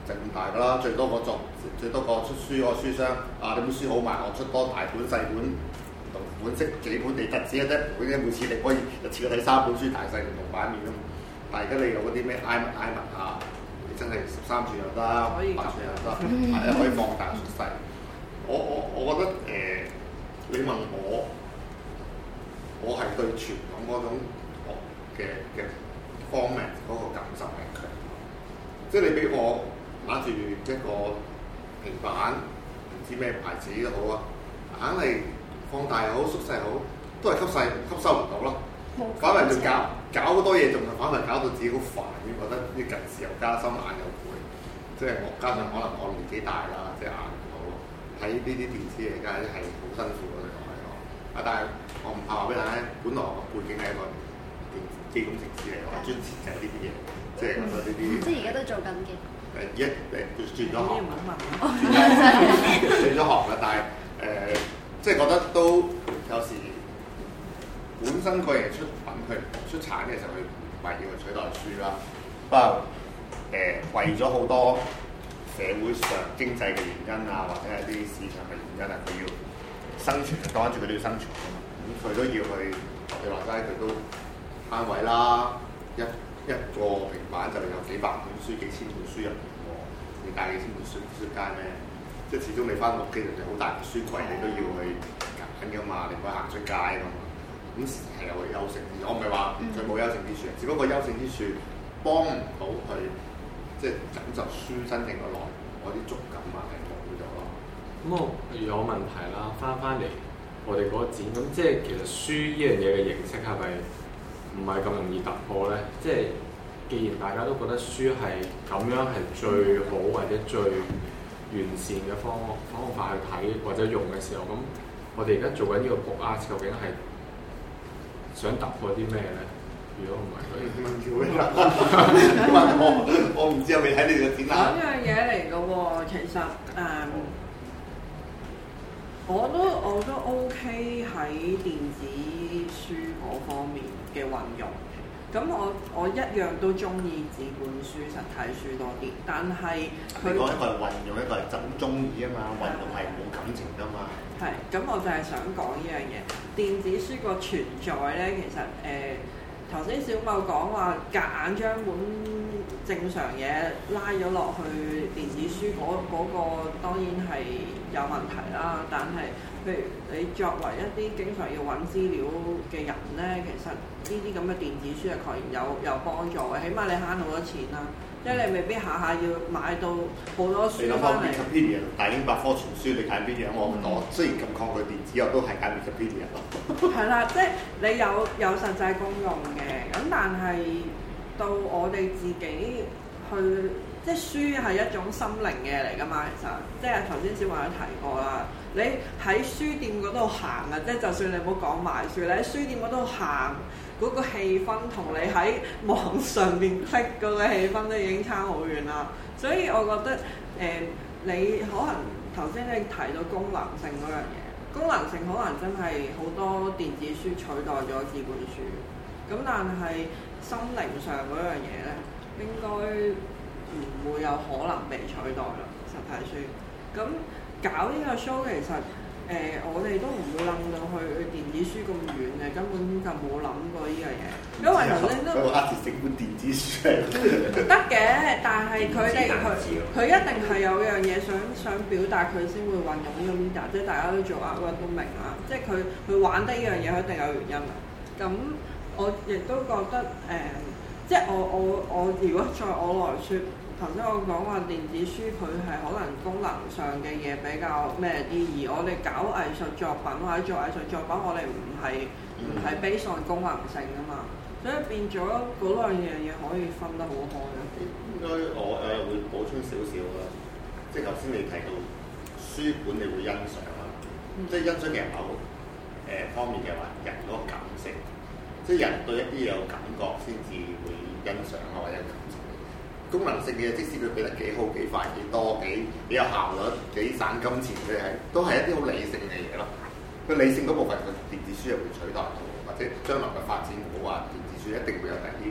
就咁大㗎啦，最多個作，最多個出書，個書箱啊！你本書好賣，我出多大款細款同款式幾款地特子嘅啫，或者每次你可以一次睇三本書，大細唔同版面啊嘛，大家你有嗰啲咩埃物埃物啊，你真係十三寸又得，八寸又得，係啊以，可以放大出細。我我我,我覺得誒、呃，你問我，我係對傳統種種嘅嘅方面 r m 感受係強，即係你俾我。打住一個平板，唔知咩牌子都好啊，硬係放大又好，縮細又好，都係吸勢吸收唔到咯。
冇。反為仲搞
搞好多嘢，仲反為搞到自己好煩，覺得啲近視又加深，眼又攰。即係我加上可能我年紀大啦，即係眼唔好，睇呢啲電視嚟，梗係好辛苦。我同你講，啊，但係我唔怕話俾大家，的本來我本來背景係一個電機電機工程師嚟，我專設計呢啲嘢，即係咁多呢啲。即係而家
都做緊嘅。
一誒轉轉咗行，轉咗行啦，但係誒，即係覺得都有時本身佢係出品佢出產嘅時候，佢唔係要取代書啦，不過誒為咗好多社會上經濟嘅原因啊，或者係啲市場嘅原因啊，佢要生存，當然佢都要生存㗎嘛。咁佢都要去，你話齋佢都攤位啦，一一個平板就有幾百本書、幾千本書入。你帶嘢先會出出街咩？即係始終你翻屋企，人哋好大嘅書櫃，你都要去揀緊噶嘛，你唔可以行出街噶嘛。咁成日有有優勝，我唔係話佢冇優勝之處，只不過優勝之處幫唔到佢，即係整集書身定個內我啲觸感啊，係冇咗咯。
咁我有問題啦，翻返嚟我哋嗰個展，咁即係其實書呢樣嘢嘅形式係咪唔係咁容易突破咧？即係。既然大家都覺得書係咁樣係、嗯、最好或者最完善嘅方方法去睇或者用嘅時候，咁我哋而家做緊呢個 book art，究竟係想突破啲咩咧？
如果唔係、嗯，我我唔知有 未睇你嘅展覽。兩樣嘢
嚟嘅喎，其實誒、um，我都我都 OK 喺電子書嗰方面嘅運用。咁我我一樣都中意紙本書、實體書多啲，但係佢講一個係運用，一個係真中意啊嘛，運用係冇感情㗎嘛。係，咁我就係想講呢樣嘢，電子書個存在咧，其實誒。呃頭先小茂講話夾硬將本正常嘢拉咗落去電子書，嗰嗰個當然係有問題啦，但係譬如你作為一啲經常要揾資料嘅人呢，其實呢啲咁嘅電子書係確然有有幫助，起碼你慳好多錢啦。即係未必下下要買到好多書啦。你 Encyclopedia，
大英百科全書，你睇邊樣？我我、嗯、雖然咁抗拒電子，我都係睇 Encyclopedia
係啦，即係你有有實際功用嘅。咁但係到我哋自己去，即係書係一種心靈嘅嚟㗎嘛，其實即係頭先小王都提過啦。你喺書店嗰度行啊，即係就算你唔好講買書，你喺書店嗰度行。嗰個氣氛同你喺網上面 fit 嗰個氣氛都已經差好遠啦，所以我覺得誒、呃，你可能頭先你提到功能性嗰樣嘢，功能性可能真係好多電子書取代咗紙本書，咁但係心靈上嗰樣嘢咧，應該唔會有可能被取代咯，實體書。咁搞呢個 show 其實～誒、呃，我哋都唔會諗到去電子書咁遠嘅，根本就冇諗過呢樣嘢。因為人先都黑住
整本電子書
得嘅、 嗯，但係佢哋佢佢一定係有樣嘢想、嗯、想表達，佢先會運用咁樣。嗯嗯、即係大家都做亞運都明啦，即係佢佢玩得呢樣嘢，佢一定有原因啊。咁、嗯、我亦都覺得誒、呃，即係我我我，我如果再我來説。頭先我講話電子書佢係可能功能上嘅嘢比較咩啲，而我哋搞藝術作品或者做藝術作品，我哋唔係唔係 based on 功能性㗎嘛，所以變咗嗰兩樣嘢可以分得好開、呃、一啲。應
該我誒會補充少少咯，即係頭先你提到書本你會欣賞啊，嗯、即係欣賞嘅某誒方面嘅話，人嗰個感性，即係人對一啲有感覺先至會欣賞啊或者。功能性嘅嘢，即使佢俾得幾好、幾快、幾多，多、幾比較效率、幾省金錢，佢係都係一啲好理性嘅嘢咯。佢理性嗰部分，個電子書係會取代到，或者將來嘅發展冇話電子書一定會有第二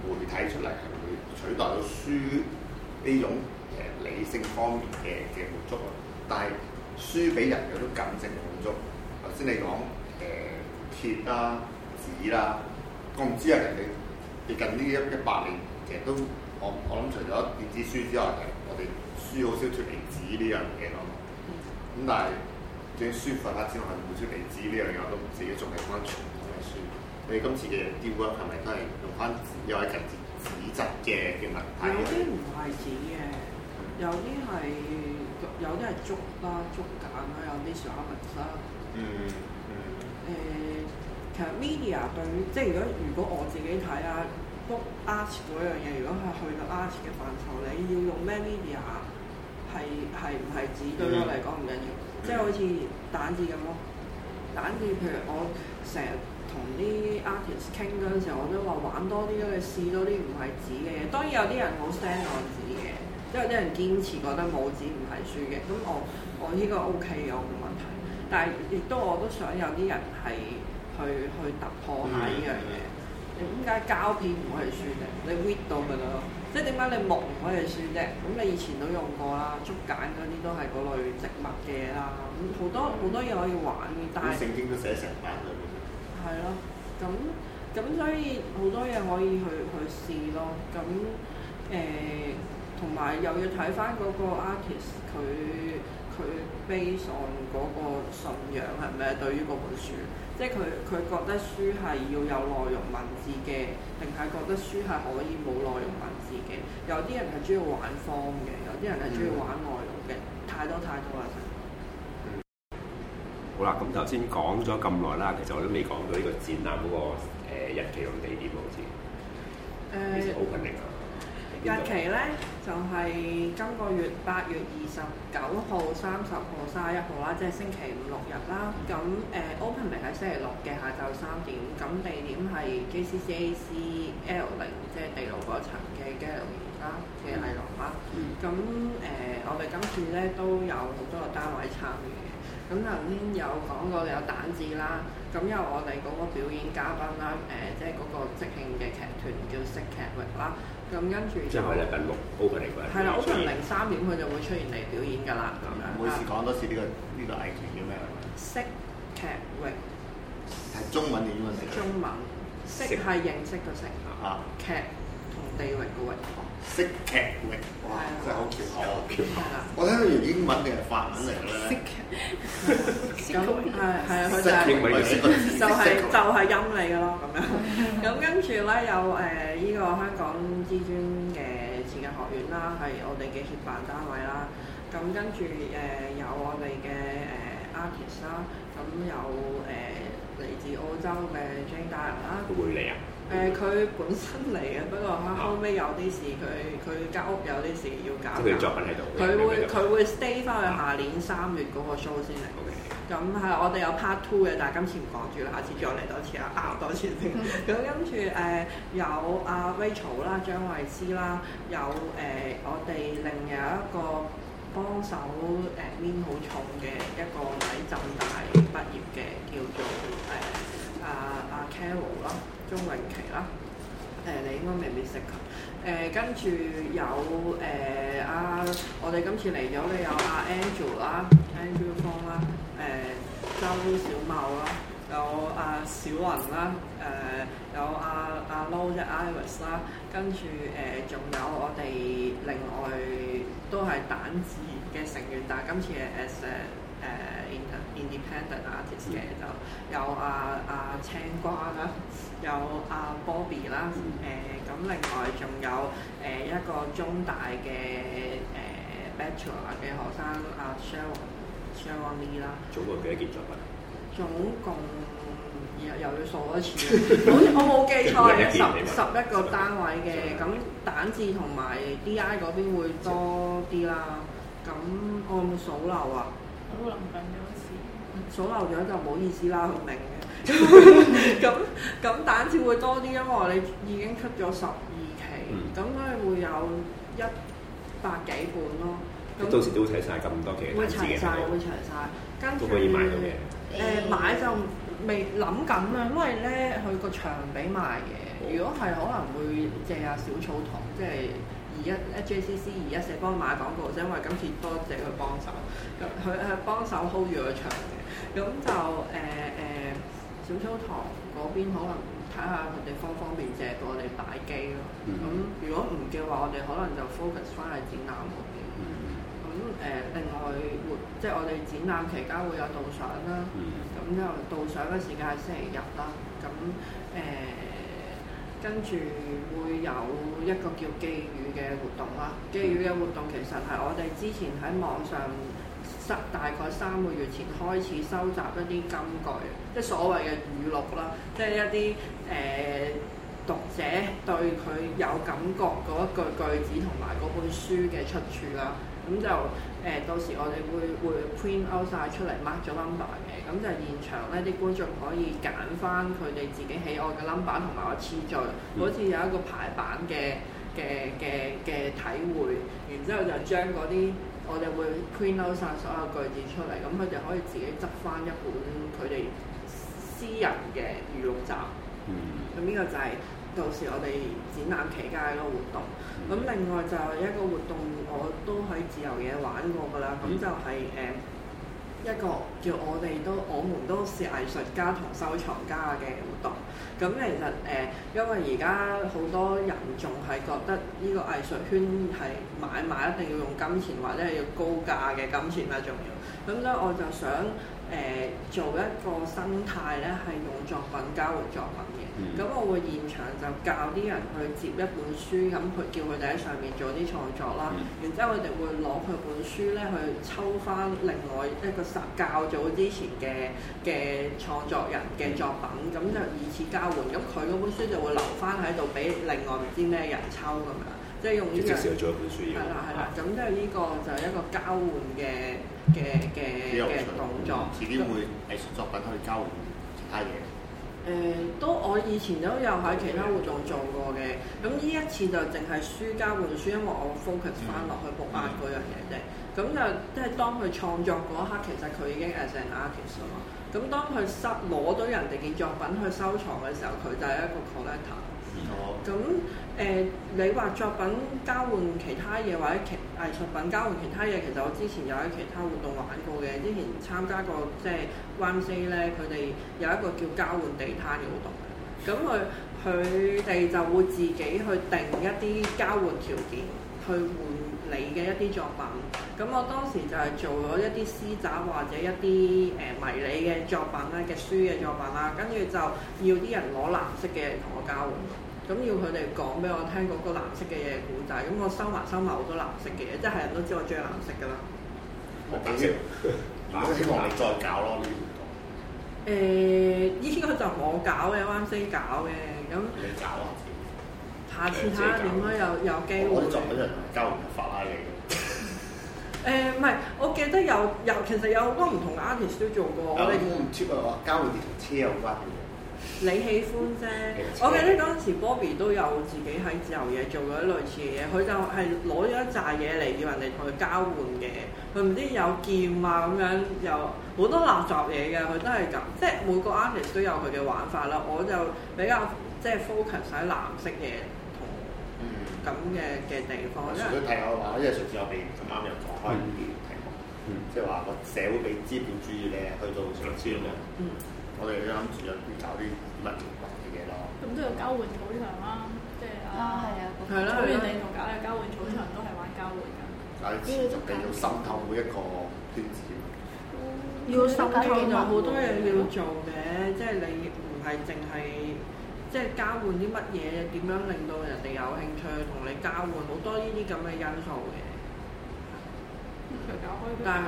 媒體出嚟係會取代到書呢種誒理性方面嘅嘅滿足咯。但係書俾人有種感性滿足。頭先你講誒、呃、鐵啦、啊、紙啦、啊，我唔知啊，人哋歷近呢一一百年其實都～我我諗除咗電子書之外嘅，我哋書好少脫離紙呢樣嘢咯。咁但係，即使書發展落去唔會脫離紙呢樣嘢，我都唔知仲係講緊傳統嘅書。你今次嘅雕係咪都係用翻又直接紙質嘅嘅物體？有啲唔
係紙嘅，有啲係有啲係竹啦、竹簡啦，有啲小寫文身、嗯。嗯嗯、呃、其實 media 對於，即係如果如果我自己睇啊。a r t i 嗰樣嘢，如果係去到 artist 嘅範疇，你要用咩 media 係係唔係紙？對我嚟講唔緊要，mm hmm. 即係好似蛋誌咁咯。蛋誌，譬如我成日同啲 artist 傾嗰陣時候，我都話玩多啲都你試多啲唔係紙嘅嘢。當然有啲人好 stand on 紙嘅，因為啲人堅持覺得冇紙唔係書嘅。咁我我呢個 OK 嘅，我冇問題。但係亦都我都想有啲人係去去突破下呢樣嘢。Mm hmm. 點解膠片唔可以算嘅？你 read 到咪得咯？即係點解你木唔可以算啫？咁你以前都用過啦，竹簡嗰啲都係嗰類植物嘅嘢啦。咁好多好多嘢可以玩，但係嗯、聖經都寫成版㗎喎。係咯，咁咁所以好多嘢可以去去試咯。咁誒，呃、同埋又要睇翻嗰個 artist 佢佢 base on 嗰個信仰係咩？對於嗰本書。即係佢佢覺得書係要有內容文字嘅，定係覺得書係可以冇內容文字嘅。有啲人係中意玩方嘅，有啲人係中意玩內容嘅，太多太多啦。嗯嗯、
好啦，咁頭先講咗咁耐啦，其實我都未講到呢個展覽嗰個、呃、日期同地
點好，好似、呃。誒。日期咧就係、是、今個月八月二十九號、三十號、三十一號啦，即係星期五六日啦。咁誒，open 明係星期六嘅下晝三點，咁地點係 J C C A C L 零，即係地六嗰層嘅 gallery 啦嘅地六啦。咁、呃、誒，我哋今次咧都有好多個單位參與嘅。咁頭先有講過有蛋誌啦，咁有我哋嗰個表演嘉賓啦，誒、呃，即係嗰個即興嘅劇團叫色劇域啦。咁跟住就即係咧近六 opening 嘅係啦 open 零三點佢就會出現嚟表演㗎啦，咁樣。每次講多次呢、這個呢、這個藝團叫咩？識劇域係中文定英文？中文識係認識個成啊哈，劇同地域個域。
識劇榮哇，真係好橋牌，我聽佢用英文定係法
文嚟嘅，咧的。識、 嗯、劇，咁係係啊，佢就係、是、英文嘅、 就是，就係就係音嚟㗎咯咁樣。咁跟住咧有誒依、呃這個香港知專嘅設計學院啦，係、啊、我哋嘅協辦單位啦。咁跟住誒有我哋嘅誒 artist 啦、啊、咁、啊啊、有誒嚟、呃、自澳洲嘅 James 啦。佢會嚟啊？誒佢本身嚟嘅，不過後尾有啲事，佢佢間屋有啲事要搞。佢作品喺度。佢會佢會 stay 翻去下年三月嗰個 show 先嚟。OK，咁係我哋有 part two 嘅，但係今次唔講住啦，下次再嚟多次啊，拗多次先。咁跟住誒有阿 Rachel 啦、張慧芝啦，有誒我哋另有一個幫手誒面好重嘅一個喺浸大畢業嘅，叫做誒阿阿 Carol 啦。鍾詠琪啦，誒、呃、你應該未必識佢，誒跟住有誒阿、呃啊、我哋今次嚟咗，你有阿 Angel 啦，Angel 方啦，誒周、啊啊、小茂啦，有、啊、阿、啊、小雲啦，誒、啊、有阿、啊、阿 Loud 嬲即係 Iris 啦、啊，跟住誒仲有我哋另外都係蛋誌嘅成員，但係今次係 As。誒 independent artist 嘅就有阿阿青瓜啦，有阿 Bobby 啦，誒咁另外仲有誒一個中大嘅誒 bachelor 嘅學生阿 Sharon Sharon Lee 啦。總共幾多件作品？總共又又要數一次，我我冇記錯係十十一個單位嘅，咁蛋誌同埋 DI 嗰邊會多啲啦。咁我有冇數漏啊？好難揾嘅一次，儲漏咗就唔好意思啦，唔明嘅。咁咁蛋誌會多啲，因為你已經出咗十二期，咁佢會有一百幾本咯。咁到時
都會睇曬咁多嘅，會齊曬，會
齊晒。跟住可以買到嘅。誒買就未諗緊啦，因為咧佢個場俾賣嘅，如果係可能會借下小草堂，即係。而一 JCC 二一四幫我買廣告，因為今次多謝佢幫手，佢佢幫手 hold 住個場嘅。咁 就誒誒、呃呃，小草堂嗰邊可能睇下佢哋方唔方便借到我哋擺機咯，咁、mm hmm. 如果唔嘅話，我哋可能就 focus 翻係展覽嗰邊，咁誒、mm hmm. 呃、另外會即係我哋展覽期間會有導賞啦，咁就導賞嘅時間係星期日啦，咁誒。呃跟住會有一個叫寄語嘅活動啦，嗯、寄語嘅活動其實係我哋之前喺網上三大概三個月前開始收集一啲金句，即、就、係、是、所謂嘅語錄啦，即、就、係、是、一啲誒、呃、讀者對佢有感覺嗰一句句子同埋嗰本書嘅出處啦，咁就誒、呃、到時我哋會會 print out 晒出嚟，mark 咗 number。咁就係現場咧，啲觀眾可以揀翻佢哋自己喜愛嘅 number 同埋個次序，好似、嗯、有一個排版嘅嘅嘅嘅體會。然之後就將嗰啲我哋會 print out 曬所有句子出嚟，咁佢哋可以自己執翻一本佢哋私人嘅語錄集。咁呢、嗯、個就係到時我哋展覽期間嘅一個活動。咁另外就係一個活動，我都喺自由嘢玩過㗎啦。咁就係、是、誒。嗯嗯一個叫我哋都，我哋都係藝術家同收藏家嘅活動。咁其實誒、呃，因為而家好多人仲係覺得呢個藝術圈係買賣一,一定要用金錢，或者係要高價嘅金錢啊仲要。咁咧，我就想。誒做一個生態咧，係用作品交換作品嘅。咁、嗯、我會現場就教啲人去接一本書，咁佢叫佢哋喺上面做啲創作啦。嗯、然之後佢哋會攞佢本書咧去抽翻另外一個實較早之前嘅嘅創作人嘅作品，咁、嗯、就二次交換。咁佢嗰本書就會留翻喺度俾另外唔知咩人抽咁樣，即係用呢樣。即係寫咗一本書要、嗯。係啦係啦，咁即係呢個就係一個交換嘅。嘅嘅嘅動作、嗯，自己會藝術作品去交換其他嘢。誒、呃，都我以前都有喺其他活動做過嘅，咁呢一次就淨係書交換書，因為我 focus 翻落去木壓嗰樣嘢啫。咁、嗯嗯、就即係、就是、當佢創作嗰一刻，其實佢已經 as an artist 啦。咁當佢收攞到人哋件作品去收藏嘅時候，佢就係一個 collector 冇錯。咁。誒、呃，你話作品交換其他嘢，或者其藝術品交換其他嘢，其實我之前有喺其他活動玩過嘅。之前參加過即係 One City 咧，佢哋有一個叫交換地攤嘅活動。咁佢佢哋就會自己去定一啲交換條件，去換你嘅一啲作品。咁我當時就係做咗一啲詩集或者一啲誒、呃、迷你嘅作品啦，嘅書嘅作品啦，跟住就要啲人攞藍色嘅嚟同我交換。咁要佢哋講俾我聽嗰、那個藍色嘅嘢古仔。咁我收埋收埋好多藍色嘅嘢，即係人都知我最鍾意藍色㗎啦。
我唔知， 希望你再搞咯呢
個。誒、 呃，依、這個就係我搞嘅，啱先搞嘅，咁。你搞、嗯、下次睇下點咯，有有機會。我做嗰陣交換法拉利。誒唔係，我記得有有，其實有好多唔同嘅 artist 都做過。我哋唔
知啊，交換電車啊！
你喜歡啫，嗯、我記得嗰陣時 Bobby 都有自己喺自由嘢做過類似嘅嘢，佢就係攞咗一紮嘢嚟要人哋同佢交換嘅，佢唔知有劍啊咁樣，有好多垃圾嘢嘅。佢都係咁，即係每個 artist 都有佢嘅玩法啦。我就比較即係 focus 喺藍色嘢同咁嘅嘅地方。如果提我話，因為上次我哋唔啱又講開呢啲
題目，嗯，即係話個社會俾資本主義你去到上発，嗯。
我哋啱先咧要搞啲乜嘢嘅嘢咯，咁都有交換草場啦，即係啊，係啊，充
電同搞嘅交換草
場都
係玩交換嘅，跟住就就要滲透每一個圈子。嗯，要滲透就好多嘢要做嘅，即係你唔係淨係即係交換啲乜嘢，點樣令到人哋有興趣同你交換，好多呢啲咁嘅因素嘅。佢搞開佢，但係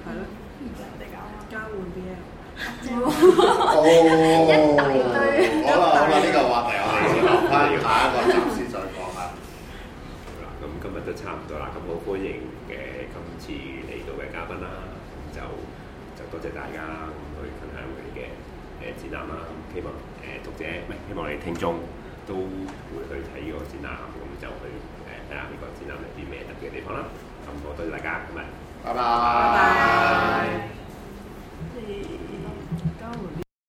係咯，人哋搞開交換啲嘢。哦，好啦好啦，呢個話題我哋
先留翻嚟下一個集先再講啦。咁今日都差唔多啦，咁好歡迎誒今次嚟到嘅嘉賓啦，咁就就多謝大家咁去分享佢嘅誒展覽啦。咁希望誒讀者唔係希望你哋聽眾都會去睇呢個展覽，咁就去誒睇下呢個展覽有啲咩特別嘅地方啦。咁
多謝大家，咁啊，拜拜。